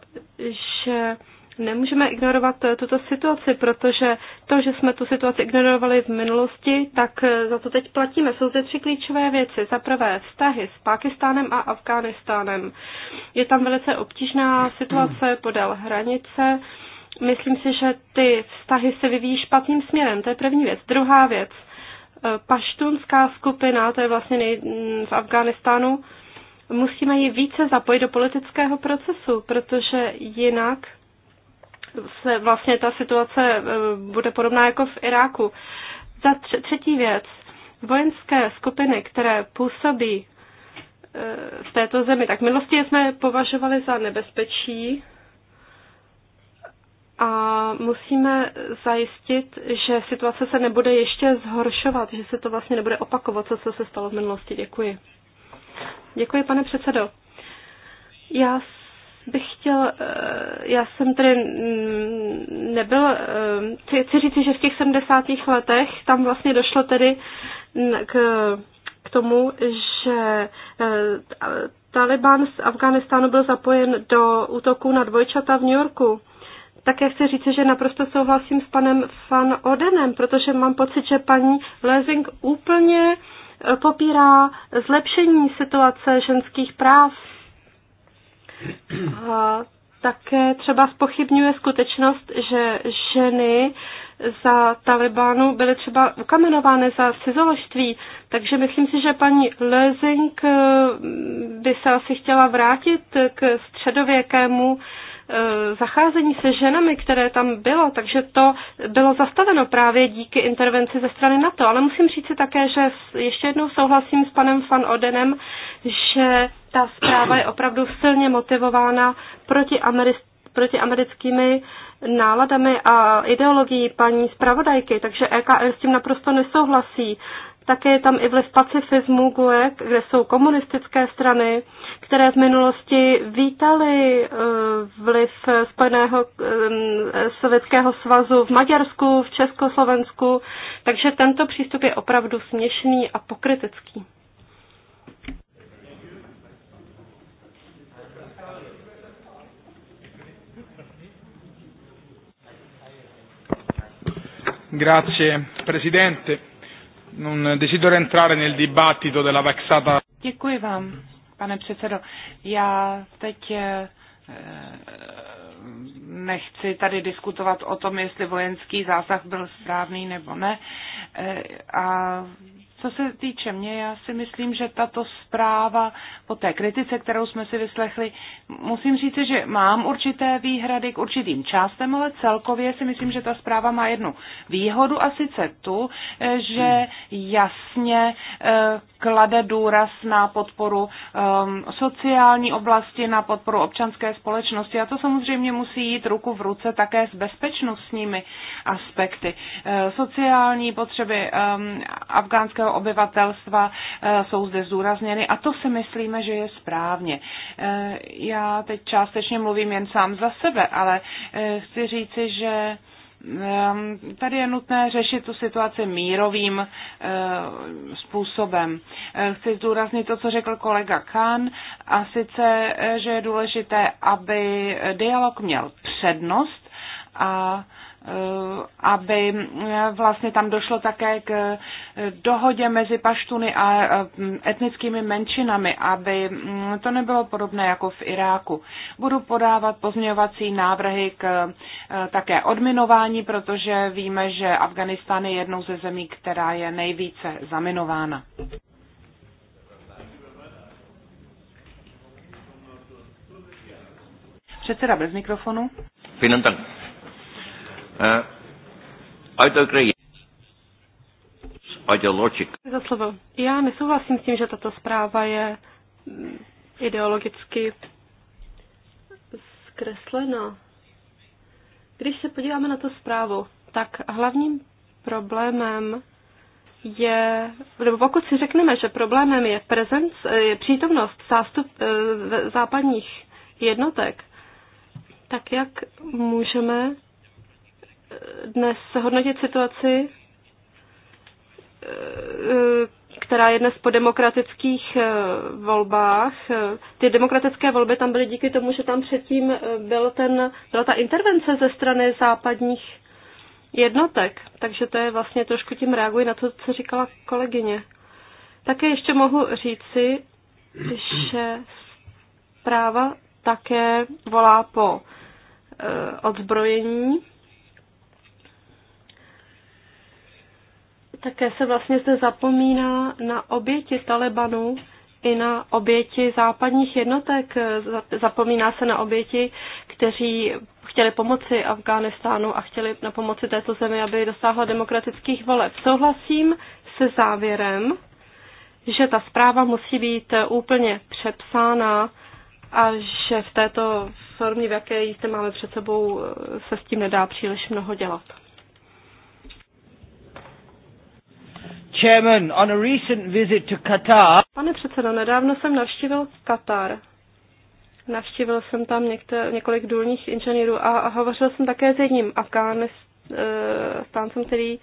že Nemůžeme ignorovat eh, tuto situaci, protože to, že jsme tu situaci ignorovali v minulosti, tak eh, za to teď platíme. Jsou zde tři klíčové věci. Za prvé vztahy s Pakistánem a Afghánistánem. Je tam velice obtížná situace podél hranice. Myslím si, že ty vztahy se vyvíjí špatným směrem. To je první věc. Druhá věc. Eh, paštunská skupina, to je vlastně nej, v mm, Afghánistánu, musíme ji více zapojit do politického procesu, protože jinak se vlastně ta situace eh, bude podobná jako v Iráku. Za třetí věc, vojenské skupiny, které působí eh, v této zemi, tak minulosti jsme považovali za nebezpečí a musíme zajistit, že situace se nebude ještě zhoršovat, že se to vlastně nebude opakovat, co se stalo v minulosti. Děkuji. Děkuji, pane předsedo. Já bych chtěl, eh, já jsem tedy mm, nebyl, eh, chci, chci říct, že v těch 70. letech tam vlastně došlo tedy k, k tomu, že eh, Taliban z Afganistánu byl zapojen do útoku na dvojčata v New Yorku. Také chci říct, že naprosto souhlasím s panem Van Odenem, protože mám pocit, že paní Lezing úplně popírá zlepšení situace ženských práv a také třeba spochybňuje skutečnost, že ženy za Talibánu byly třeba ukamenovány za cizoložství, takže myslím si, že paní Lezing eh, by se asi chtěla vrátit k středověkému Eh, zacházení se ženami, které tam bylo, takže to bylo zastaveno právě díky intervenci ze strany NATO. Ale musím říct si také, že ještě jednou souhlasím s panem Van Odenem, že ta zpráva je opravdu silně motivována proti, ameri- proti americkými náladami a ideologií paní zpravodajky, takže EKR s tím naprosto nesouhlasí. Také je tam i vliv pacifismu GUE, kde jsou komunistické strany, které v minulosti vítaly eh, vliv Spojeného eh, sovětského svazu v Maďarsku, v Československu, takže tento přístup je opravdu směšný a pokritický. Grazie Presidente non eh, desidero entrare nel dibattito della vaxata. Děkuji vám, pane předsedo. Já teď eh, eh, nechci tady diskutovat o tom, jestli vojenský zásah byl správný nebo ne. A co se týče mě, já si myslím, že tato zpráva po té kritice, kterou jsme si vyslechli, musím říct, že mám určité výhrady k určitým částem, ale celkově si myslím, že ta zpráva má jednu výhodu a sice tu, eh, že jasně eh, klade důraz na podporu ehm, sociální oblasti, na podporu občanské společnosti a to samozřejmě musí jít ruku v ruce také s bezpečnostními aspekty. Eh, sociální potřeby ehm, afgánského obyvatelstva eh, jsou zde zúrazněny a to si myslíme, že je správně. Eh, já teď částečně mluvím jen sám za sebe, ale eh, chci říci, že Tady je nutné řešit tu situaci mírovým způsobem. Chci zdůraznit to, co řekl kolega Khan, a sice, že je důležité, aby dialog měl přednost a Eh, aby eh, vlastně tam došlo také k eh, dohodě mezi paštuny a etnickými menšinami, aby mm, to nebylo podobné jako v Iráku. Budu podávat pozměňovací návrhy k také odminování, protože víme, že Afganistán je jednou ze zemí, která je nejvíce zaminována. Předseda bez mikrofonu. Eh, Za slovo. Já nesouhlasím s tím, že tato zpráva je mm, ideologicky zkreslena. Když se podíváme na tu zprávu, tak hlavním problémem je, nebo pokud si řekneme, že problémem je, prezenc, je přítomnost zástup eh, západních jednotek, tak jak můžeme dnes hodnotit situaci, eh, která je dnes po demokratických eh, volbách. Eh, ty demokratické volby tam byly díky tomu, že tam předtím byl ten, byla ta intervence ze strany západních jednotek. Takže to je vlastně trošku tím reaguji na to, co říkala kolegyně. Také ještě mohu říci, že zpráva také volá po odzbrojení také se vlastně zde zapomíná na oběti Talibanu i na oběti západních jednotek. Zapomíná se na oběti, kteří chtěli pomoci Afghánistánu a chtěli na pomoci této zemi, aby dosáhla demokratických voleb. Souhlasím se závěrem, že ta zpráva musí být úplně přepsána a že v této formě, v jaké jste máme před sebou, se s tím nedá příliš mnoho dělat. Chairman, on a recent visit to Qatar. Pane předsedo, nedávno jsem navštívil Katar. Navštívil jsem tam některé, několik důlních inženýrů a, a hovořil jsem také s jedním Afghánistáncem, eh, který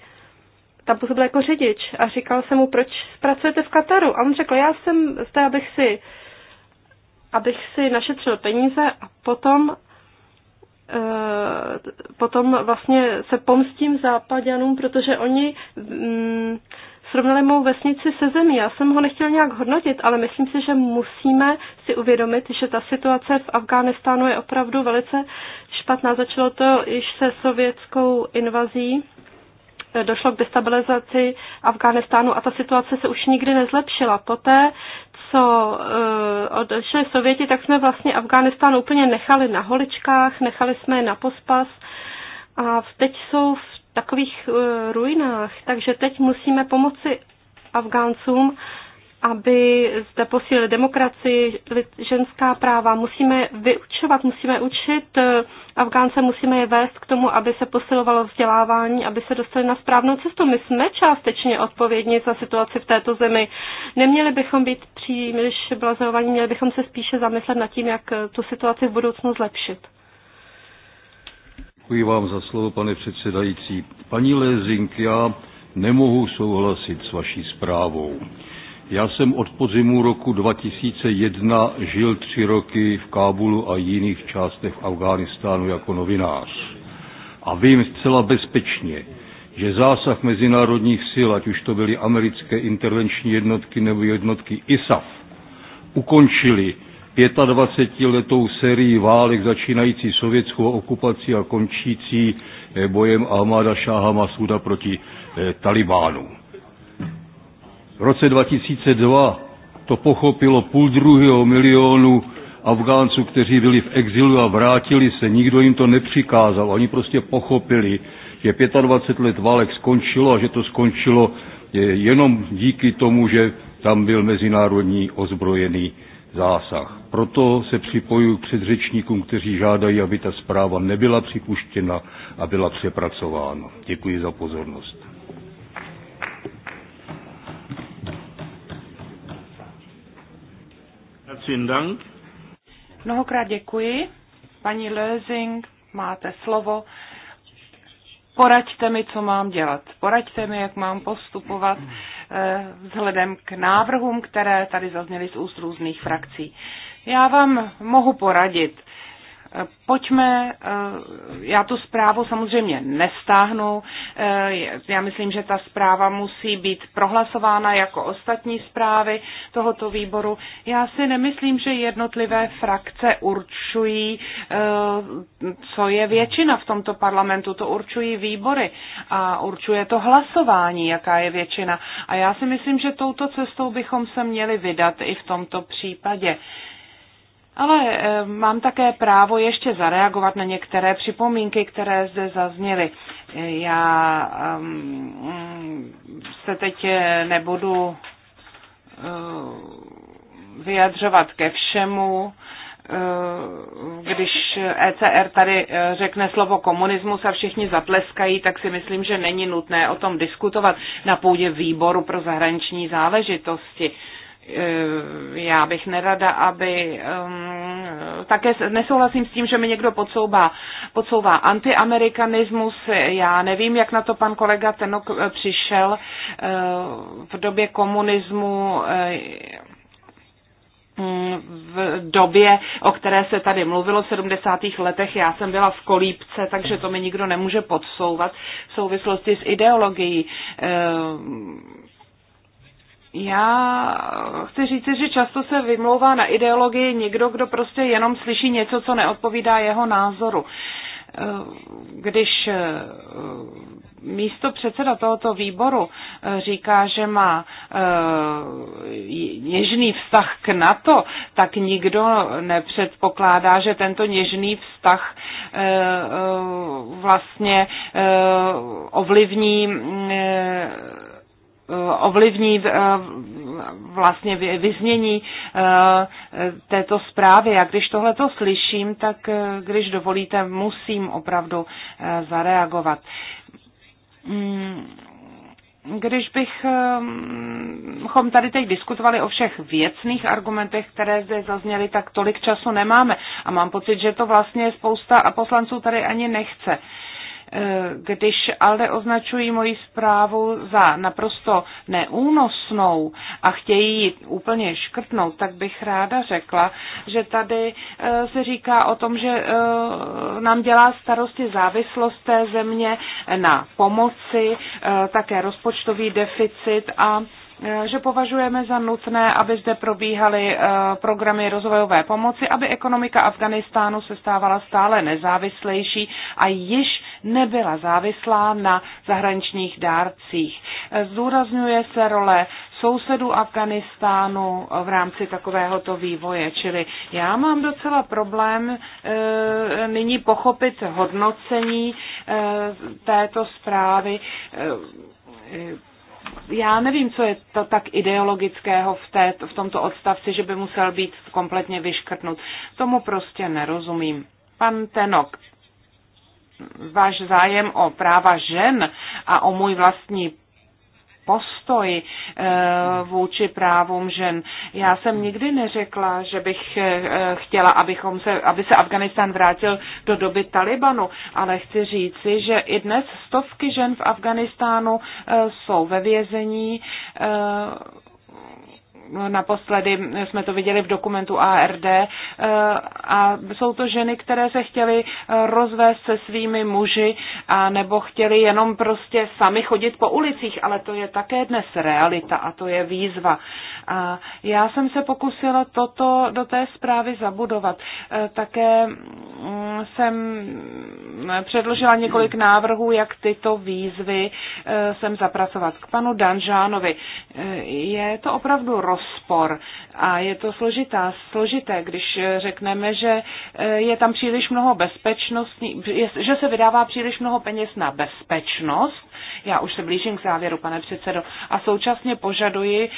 tam působil jako řidič a říkal jsem mu, proč pracujete v Kataru? A on řekl, já jsem zde, abych si, abych si našetřil peníze a potom eh, potom vlastně se pomstím západanům, protože oni mm, srovnali mou vesnici se zemí. Já jsem ho nechtěl nějak hodnotit, ale myslím si, že musíme si uvědomit, že ta situace v Afghánistánu je opravdu velice špatná. Začalo to již se sovětskou invazí došlo k destabilizaci Afghánistánu a ta situace se už nikdy nezlepšila. Poté, co eh, odešli Sověti, tak jsme vlastně Afghánistán úplně nechali na holičkách, nechali jsme je na pospas a teď jsou v takových eh, ruinách. Takže teď musíme pomoci Afgáncům, aby zde posílili demokracii, ženská práva. Musíme vyučovat, musíme učit eh, Afgánce, musíme je vést k tomu, aby se posilovalo vzdělávání, aby se dostali na správnou cestu. My jsme částečně odpovědní za situaci v této zemi. Neměli bychom být příliš blazovaní, měli bychom se spíše zamyslet nad tím, jak eh, tu situaci v budoucnu zlepšit. Děkuji vám za slovo, pane předsedající. Paní Lézink, já nemohu souhlasit s vaší zprávou. Já jsem od podzimu roku 2001 žil tři roky v Kábulu a jiných částech Afghánistánu jako novinář. A vím zcela bezpečně, že zásah mezinárodních sil, ať už to byly americké intervenční jednotky nebo jednotky ISAF, ukončili 25-letou sérii válek začínající sovětskou okupací a končící eh, bojem Ahmada Šáha Masuda proti eh, Talibánu. V roce 2002 to pochopilo půl druhého milionu Afgánců, kteří byli v exilu a vrátili se. Nikdo jim to nepřikázal. Oni prostě pochopili, že 25 let válek skončilo a že to skončilo eh, jenom díky tomu, že tam byl mezinárodní ozbrojený zásah proto se připojuji k předřečníkům, kteří žádají, aby ta zpráva nebyla připuštěna a byla přepracována. Děkuji za pozornost. Mnohokrát děkuji. Paní Lözing, máte slovo. Poraďte mi, co mám dělat. Poraďte mi, jak mám postupovat eh, vzhledem k návrhům, které tady zazněly z úst různých frakcí. Já vám mohu poradit. Eh, pojďme, eh, já tu zprávu samozřejmě nestáhnu, eh, já myslím, že ta zpráva musí být prohlasována jako ostatní zprávy tohoto výboru. Já si nemyslím, že jednotlivé frakce určují, co je většina v tomto parlamentu, to určují výbory a určuje to hlasování, jaká je většina. A já si myslím, že touto cestou bychom se měli vydat i v tomto případě ale eh, mám také právo ještě zareagovat na některé připomínky, které zde zazněly. Eh, já ehm, se teď eh, nebudu vyjadřovat ke všemu, když ECR tady řekne slovo komunismus a všichni zatleskají, tak si myslím, že není nutné o tom diskutovat na půdě výboru pro zahraniční záležitosti. Eh, já bych nerada, aby také nesouhlasím s tím, že mi někdo podsouvá, podsouvá antiamerikanismus. Já nevím, jak na to pan kolega Tenok eh, přišel eh, v době komunismu v době, o které se tady mluvilo v 70. letech, já jsem byla v kolípce, takže to mi nikdo nemůže podsouvat v souvislosti s ideologií. Já chci říct, že často se vymlouvá na ideologii někdo, kdo prostě jenom slyší něco, co neodpovídá jeho názoru. Eh, když eh, místo předseda tohoto výboru eh, říká, že má něžný vztah k NATO, tak nikdo nepředpokládá, že tento něžný vztah vlastně ovlivní mm, Eh, ovlivní eh, vlastně vyznění eh, této zprávy. A když tohle to slyším, tak když dovolíte, musím opravdu zareagovat. Mm, když bychom tady teď diskutovali o všech věcných argumentech, které zde zazněly, tak tolik času nemáme. A mám pocit, že to vlastně spousta poslanců tady ani nechce. Uh, Eh, když ale označují moji zprávu za naprosto neúnosnou a chtějí ji úplně škrtnout, tak bych ráda řekla, že tady eh, se říká o tom, že eh, nám dělá starosti závislost té země na pomoci, také rozpočtový deficit a že považujeme za nutné, aby zde probíhaly programy rozvojové pomoci, aby ekonomika Afganistánu se stávala stále nezávislejší a již nebyla závislá na zahraničních dárcích. Zdůrazňuje se role sousedů Afganistánu v rámci takovéhoto vývoje. Čili já mám docela problém e, nyní pochopit hodnocení e, této zprávy. E, e já nevím, co je to tak ideologického v, té, v tomto odstavci, že by musel být kompletně vyškrtnut. Tomu prostě nerozumím. Pan Tenok váš zájem o práva žen a o můj vlastní postoj eh, vůči právům žen. Já jsem nikdy neřekla, že bych eh, chtěla, abychom se, aby se Afganistán vrátil do doby Talibanu, ale chci říci, že i dnes stovky žen v Afganistánu eh, jsou ve vězení naposledy jsme to viděli v dokumentu ARD, eh, a jsou to ženy, které se chtěly eh, rozvést se svými muži a nebo chtěly jenom prostě sami chodit po ulicích, ale to je také dnes realita a to je výzva. A já jsem se pokusila toto do té zprávy zabudovat. Eh, také mm, jsem předložila několik návrhů, jak tyto výzvy e, sem zapracovat. K panu Danžánovi. E, je to opravdu rozpor a je to složitá, složité, když řekneme, že e, je tam příliš mnoho bezpečnostní, že se vydává příliš mnoho peněz na bezpečnost, já už se blížím k závěru, pane předsedo, a současně požaduji,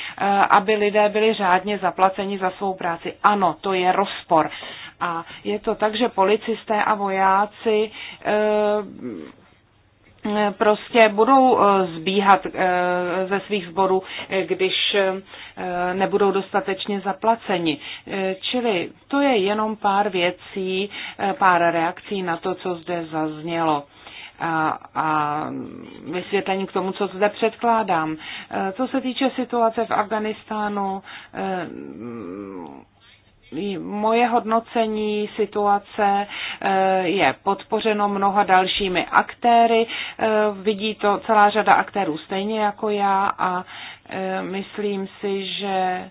aby lidé byli řádně zaplaceni za svou práci. Ano, to je rozpor. A je to tak, že policisté a vojáci eh, eh, prostě budou eh, zbíhat ze svých sborů, když nebudou dostatečně zaplaceni. Čili to je jenom pár věcí, pár reakcí na to, co zde zaznělo a, a vysvětlení k tomu, co zde předkládám. Co se týče situace v Afganistánu, moje hodnocení situace eh, je podpořeno mnoha dalšími aktéry. Eh, vidí to celá řada aktérů stejně jako já a eh, myslím si, že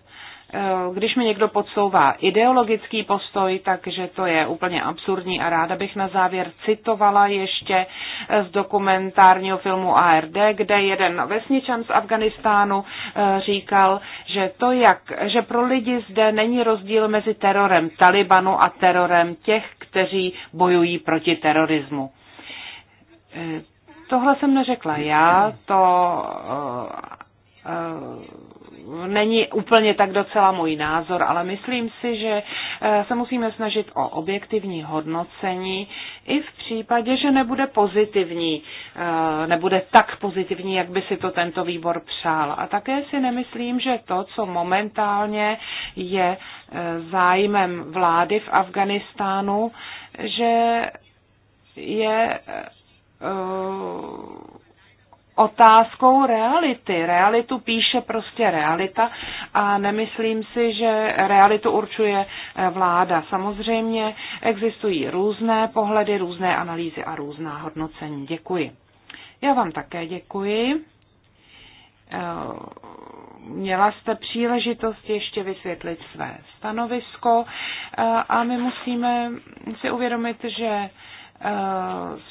Eh, když mi někdo podsouvá ideologický postoj, takže to je úplně absurdní a ráda bych na závěr citovala ještě eh, z dokumentárního filmu ARD, kde jeden vesničan z Afganistánu eh, říkal, že to jak, že pro lidi zde není rozdíl mezi terorem Talibanu a terorem těch, kteří bojují proti terorismu. Tohle jsem neřekla já, to není úplně tak docela můj názor, ale myslím si, že eh, se musíme snažit o objektivní hodnocení i v případě, že nebude pozitivní, eh, nebude tak pozitivní, jak by si to tento výbor přál. A také si nemyslím, že to, co momentálně je eh, zájmem vlády v Afganistánu, že je otázkou reality. Realitu píše prostě realita a nemyslím si, že realitu určuje eh, vláda. Samozřejmě existují různé pohledy, různé analýzy a různá hodnocení. Děkuji. Já vám také děkuji. Eh, měla jste příležitost ještě vysvětlit své stanovisko eh, a my musíme si uvědomit, že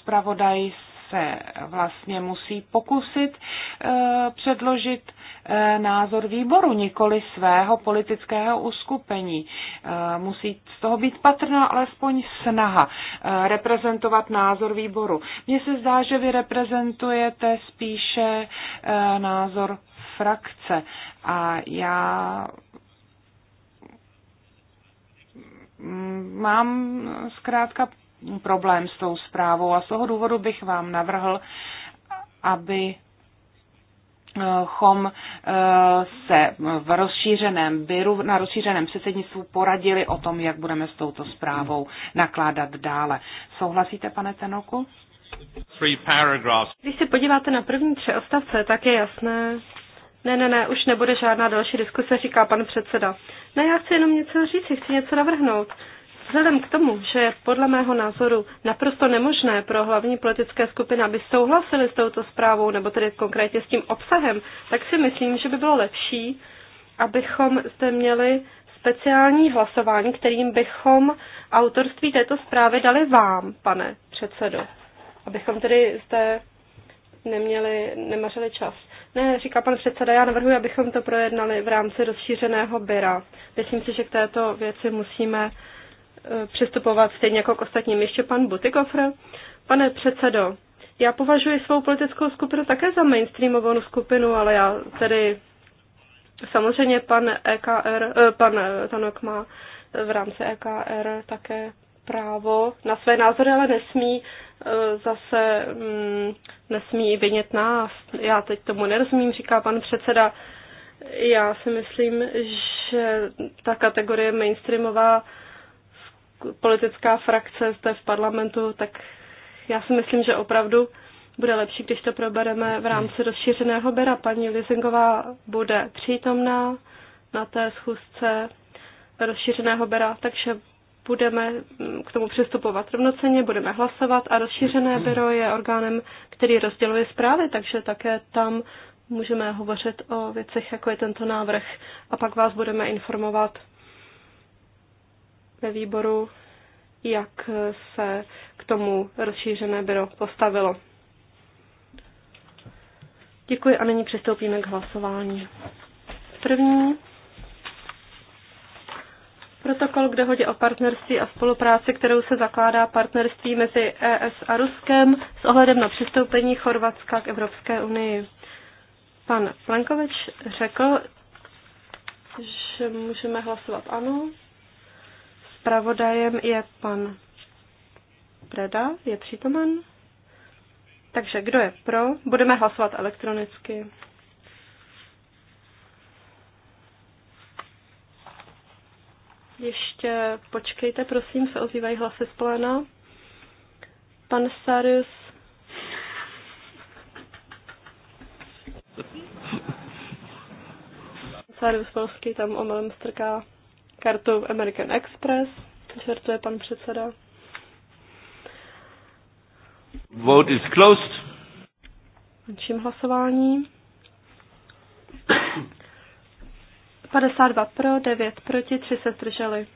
zpravodaj se vlastně musí pokusit eh, předložit eh, názor výboru, nikoli svého politického uskupení. Eh, musí z toho být patrná alespoň snaha reprezentovat názor výboru. Mně se zdá, že vy reprezentujete spíše názor frakce a já mm, mám zkrátka problém s tou zprávou a z toho důvodu bych vám navrhl, aby eh, chom eh, se v rozšířeném byru, na rozšířeném předsednictvu poradili o tom, jak budeme s touto zprávou nakládat dále. Souhlasíte, pane Tenoku? Když se podíváte na první tři odstavce, tak je jasné. Ne, ne, ne, už nebude žádná další diskuse, říká pan předseda. Ne, já chci jenom něco říct, chci něco navrhnout. Vzhledem k tomu, že je podle mého názoru naprosto nemožné pro hlavní politické skupiny, aby souhlasili s touto zprávou, nebo tedy konkrétně s tím obsahem, tak si myslím, že by bylo lepší, abychom zde měli speciální hlasování, kterým bychom autorství této zprávy dali vám, pane předsedo. Abychom tedy zde neměli, nemařili čas. Ne, říká pan předseda, já navrhuji, abychom to projednali v rámci rozšířeného byra. Myslím si, že k této věci musíme přistupovat stejně jako k ostatním. Ještě pan Butikofr. Pane předsedo, já považuji svou politickou skupinu také za mainstreamovou skupinu, ale já tedy samozřejmě pan EKR, eh, pan eh, Tanok má v rámci EKR také právo na své názory, ale nesmí eh, zase mm, nesmí vinit nás. Já teď tomu nerozumím, říká pan předseda. Já si myslím, že ta kategorie mainstreamová politická frakce zde v parlamentu, tak já si myslím, že opravdu bude lepší, když to probereme v rámci rozšířeného bera. Paní Lizingová bude přítomná na té schůzce rozšířeného bera, takže budeme k tomu přistupovat rovnoceně, budeme hlasovat a rozšířené bero je orgánem, který rozděluje zprávy, takže také tam můžeme hovořit o věcech, jako je tento návrh a pak vás budeme informovat ve výboru, jak se k tomu rozšířené byro postavilo. Děkuji a nyní přistoupíme k hlasování. První protokol k dohodě o partnerství a spolupráci, kterou se zakládá partnerství mezi ES a Ruskem s ohledem na přistoupení Chorvatska k Evropské unii. Pan Plankovič řekl, že můžeme hlasovat ano zpravodajem je pan Preda, je přítomen. Takže kdo je pro? Budeme hlasovat elektronicky. Ještě počkejte, prosím, se ozývají hlasy z pléna. Pan Sarius. Sarius Polský tam omylem strká kartu American Express, žertuje pan předseda. Vote is closed. Končím hlasování. 52 pro, 9 proti, 3 se zdrželi.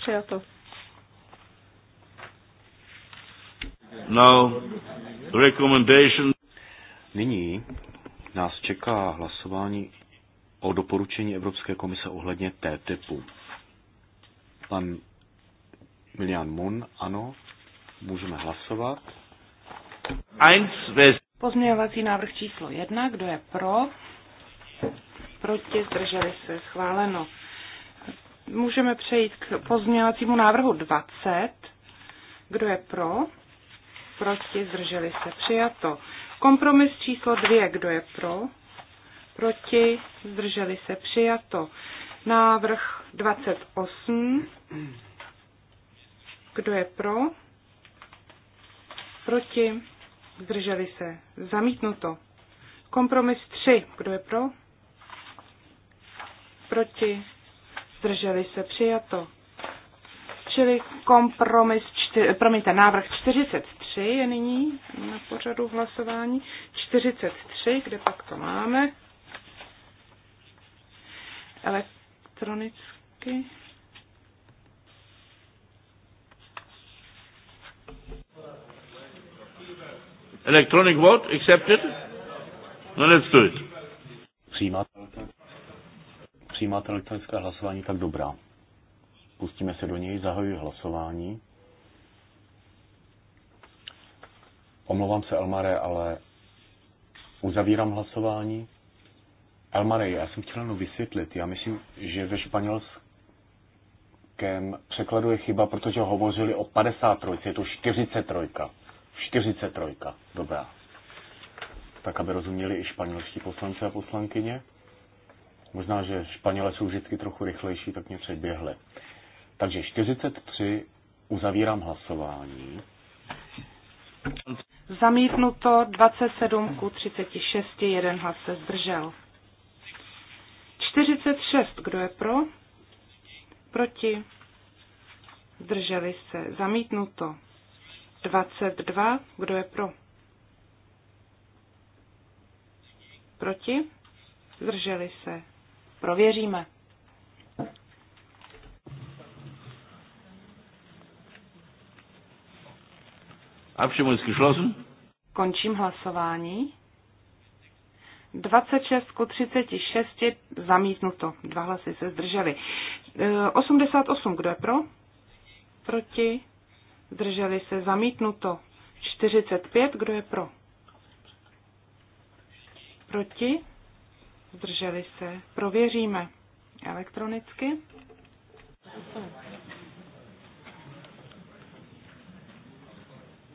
Přijato. Now, recommendation. Nyní nás čeká hlasování o doporučení Evropské komise ohledně té typu Pan Milian Mon, ano, můžeme hlasovat. Pozměňovací návrh číslo jedna, kdo je pro? Proti, zdrželi se, schváleno. Můžeme přejít k pozměňovacímu návrhu 20. Kdo je pro? Proti, zdrželi se, přijato. Kompromis číslo dvě, kdo je pro? proti, zdrželi se přijato. Návrh 28. Kdo je pro? Proti, zdrželi se zamítnuto. Kompromis 3. Kdo je pro? Proti, zdrželi se přijato. Čili kompromis, čtyři, promiňte, návrh 43 je nyní na pořadu hlasování. 43, kde pak to máme? elektronicky. Electronic vote accepted? No let's do it. Přijímáte, přijímáte elektronické hlasování, tak dobrá. Pustíme se do něj, zahajuji hlasování. Omlouvám se, Elmare, ale uzavírám hlasování. Elmary, já jsem chtěl jenom vysvětlit. Já myslím, že ve španělském překladu je chyba, protože hovořili o 53, je to 43. 43, dobrá. Tak, aby rozuměli i španělští poslanci a poslankyně. Možná, že Španěle jsou vždycky trochu rychlejší, tak mě předběhly. Takže 43 uzavírám hlasování. Zamítnuto 27 ku 36, jeden hlas se zdržel. 46. Kdo je pro? Proti? Zdrželi se. Zamítnuto. 22. Kdo je pro? Proti? Zdrželi se. Prověříme. Abstimmung ist geschlossen. Končím hlasování. 26 ku 36 zamítnuto. Dva hlasy se zdrželi. 88, e, kdo je pro? Proti? Zdrželi se zamítnuto. 45, kdo je pro? Proti? Zdrželi se. Prověříme elektronicky.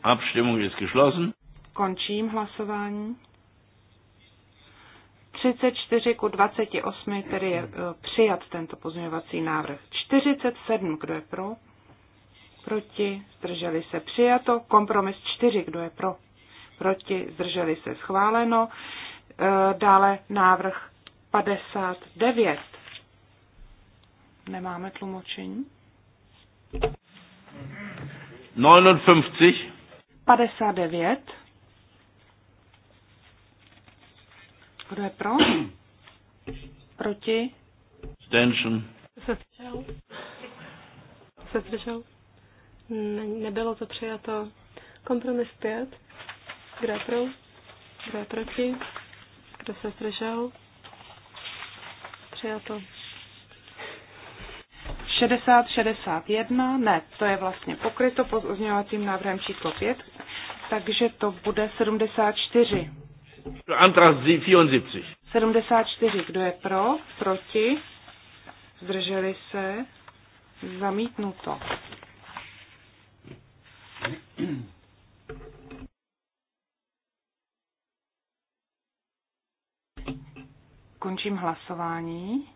Abstimmung ist geschlossen. Končím hlasování. 34 ku 28, tedy je e, přijat tento pozměňovací návrh. 47, kdo je pro? Proti, zdrželi se přijato. Kompromis 4, kdo je pro? Proti, zdrželi se schváleno. E, dále návrh 59. Nemáme tlumočení. 59. 59. Kdo je pro? Proti? Abstention. Se zdržel? Se zdržel? Ne, nebylo to přijato. Kompromis 5. Kdo je pro? Kdo je proti? Kdo se zdržel? Přijato. 60-61, ne, to je vlastně pokryto pozměňovacím návrhem číslo 5, takže to bude 74. Antrag 74. 74. Kdo je pro? Proti? Zdrželi se? Zamítnuto. Končím hlasování.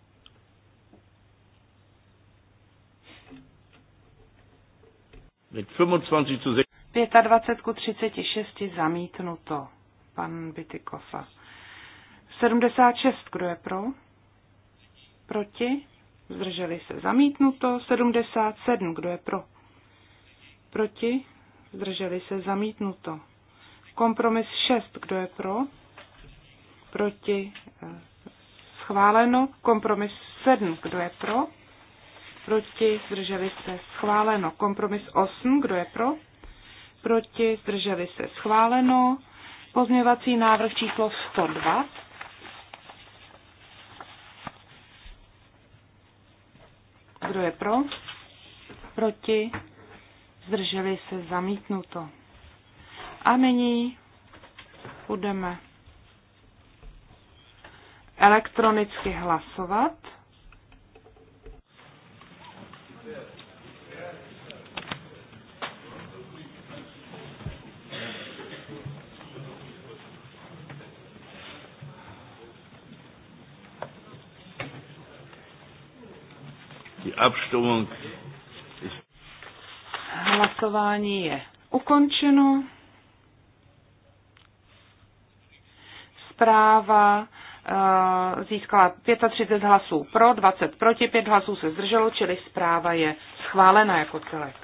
Mit 25 ku 36 zamítnuto pan Bitykofa. 76, kdo je pro? Proti? Zdrželi se zamítnuto. 77, kdo je pro? Proti? Zdrželi se zamítnuto. Kompromis 6, kdo je pro? Proti? Schváleno. Kompromis 7, kdo je pro? Proti? Zdrželi se schváleno. Kompromis 8, kdo je pro? Proti? Zdrželi se schváleno. Pozměňovací návrh číslo 102. Kdo je pro? Proti? Zdrželi se zamítnuto. A nyní budeme elektronicky hlasovat. Abstimmung ist Hlasování je ukončeno. Zpráva eh, získala 35 hlasů pro, 20 proti, 5 hlasů se zdrželo, čili zpráva je schválena jako celek.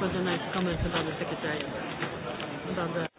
was a nice comment about the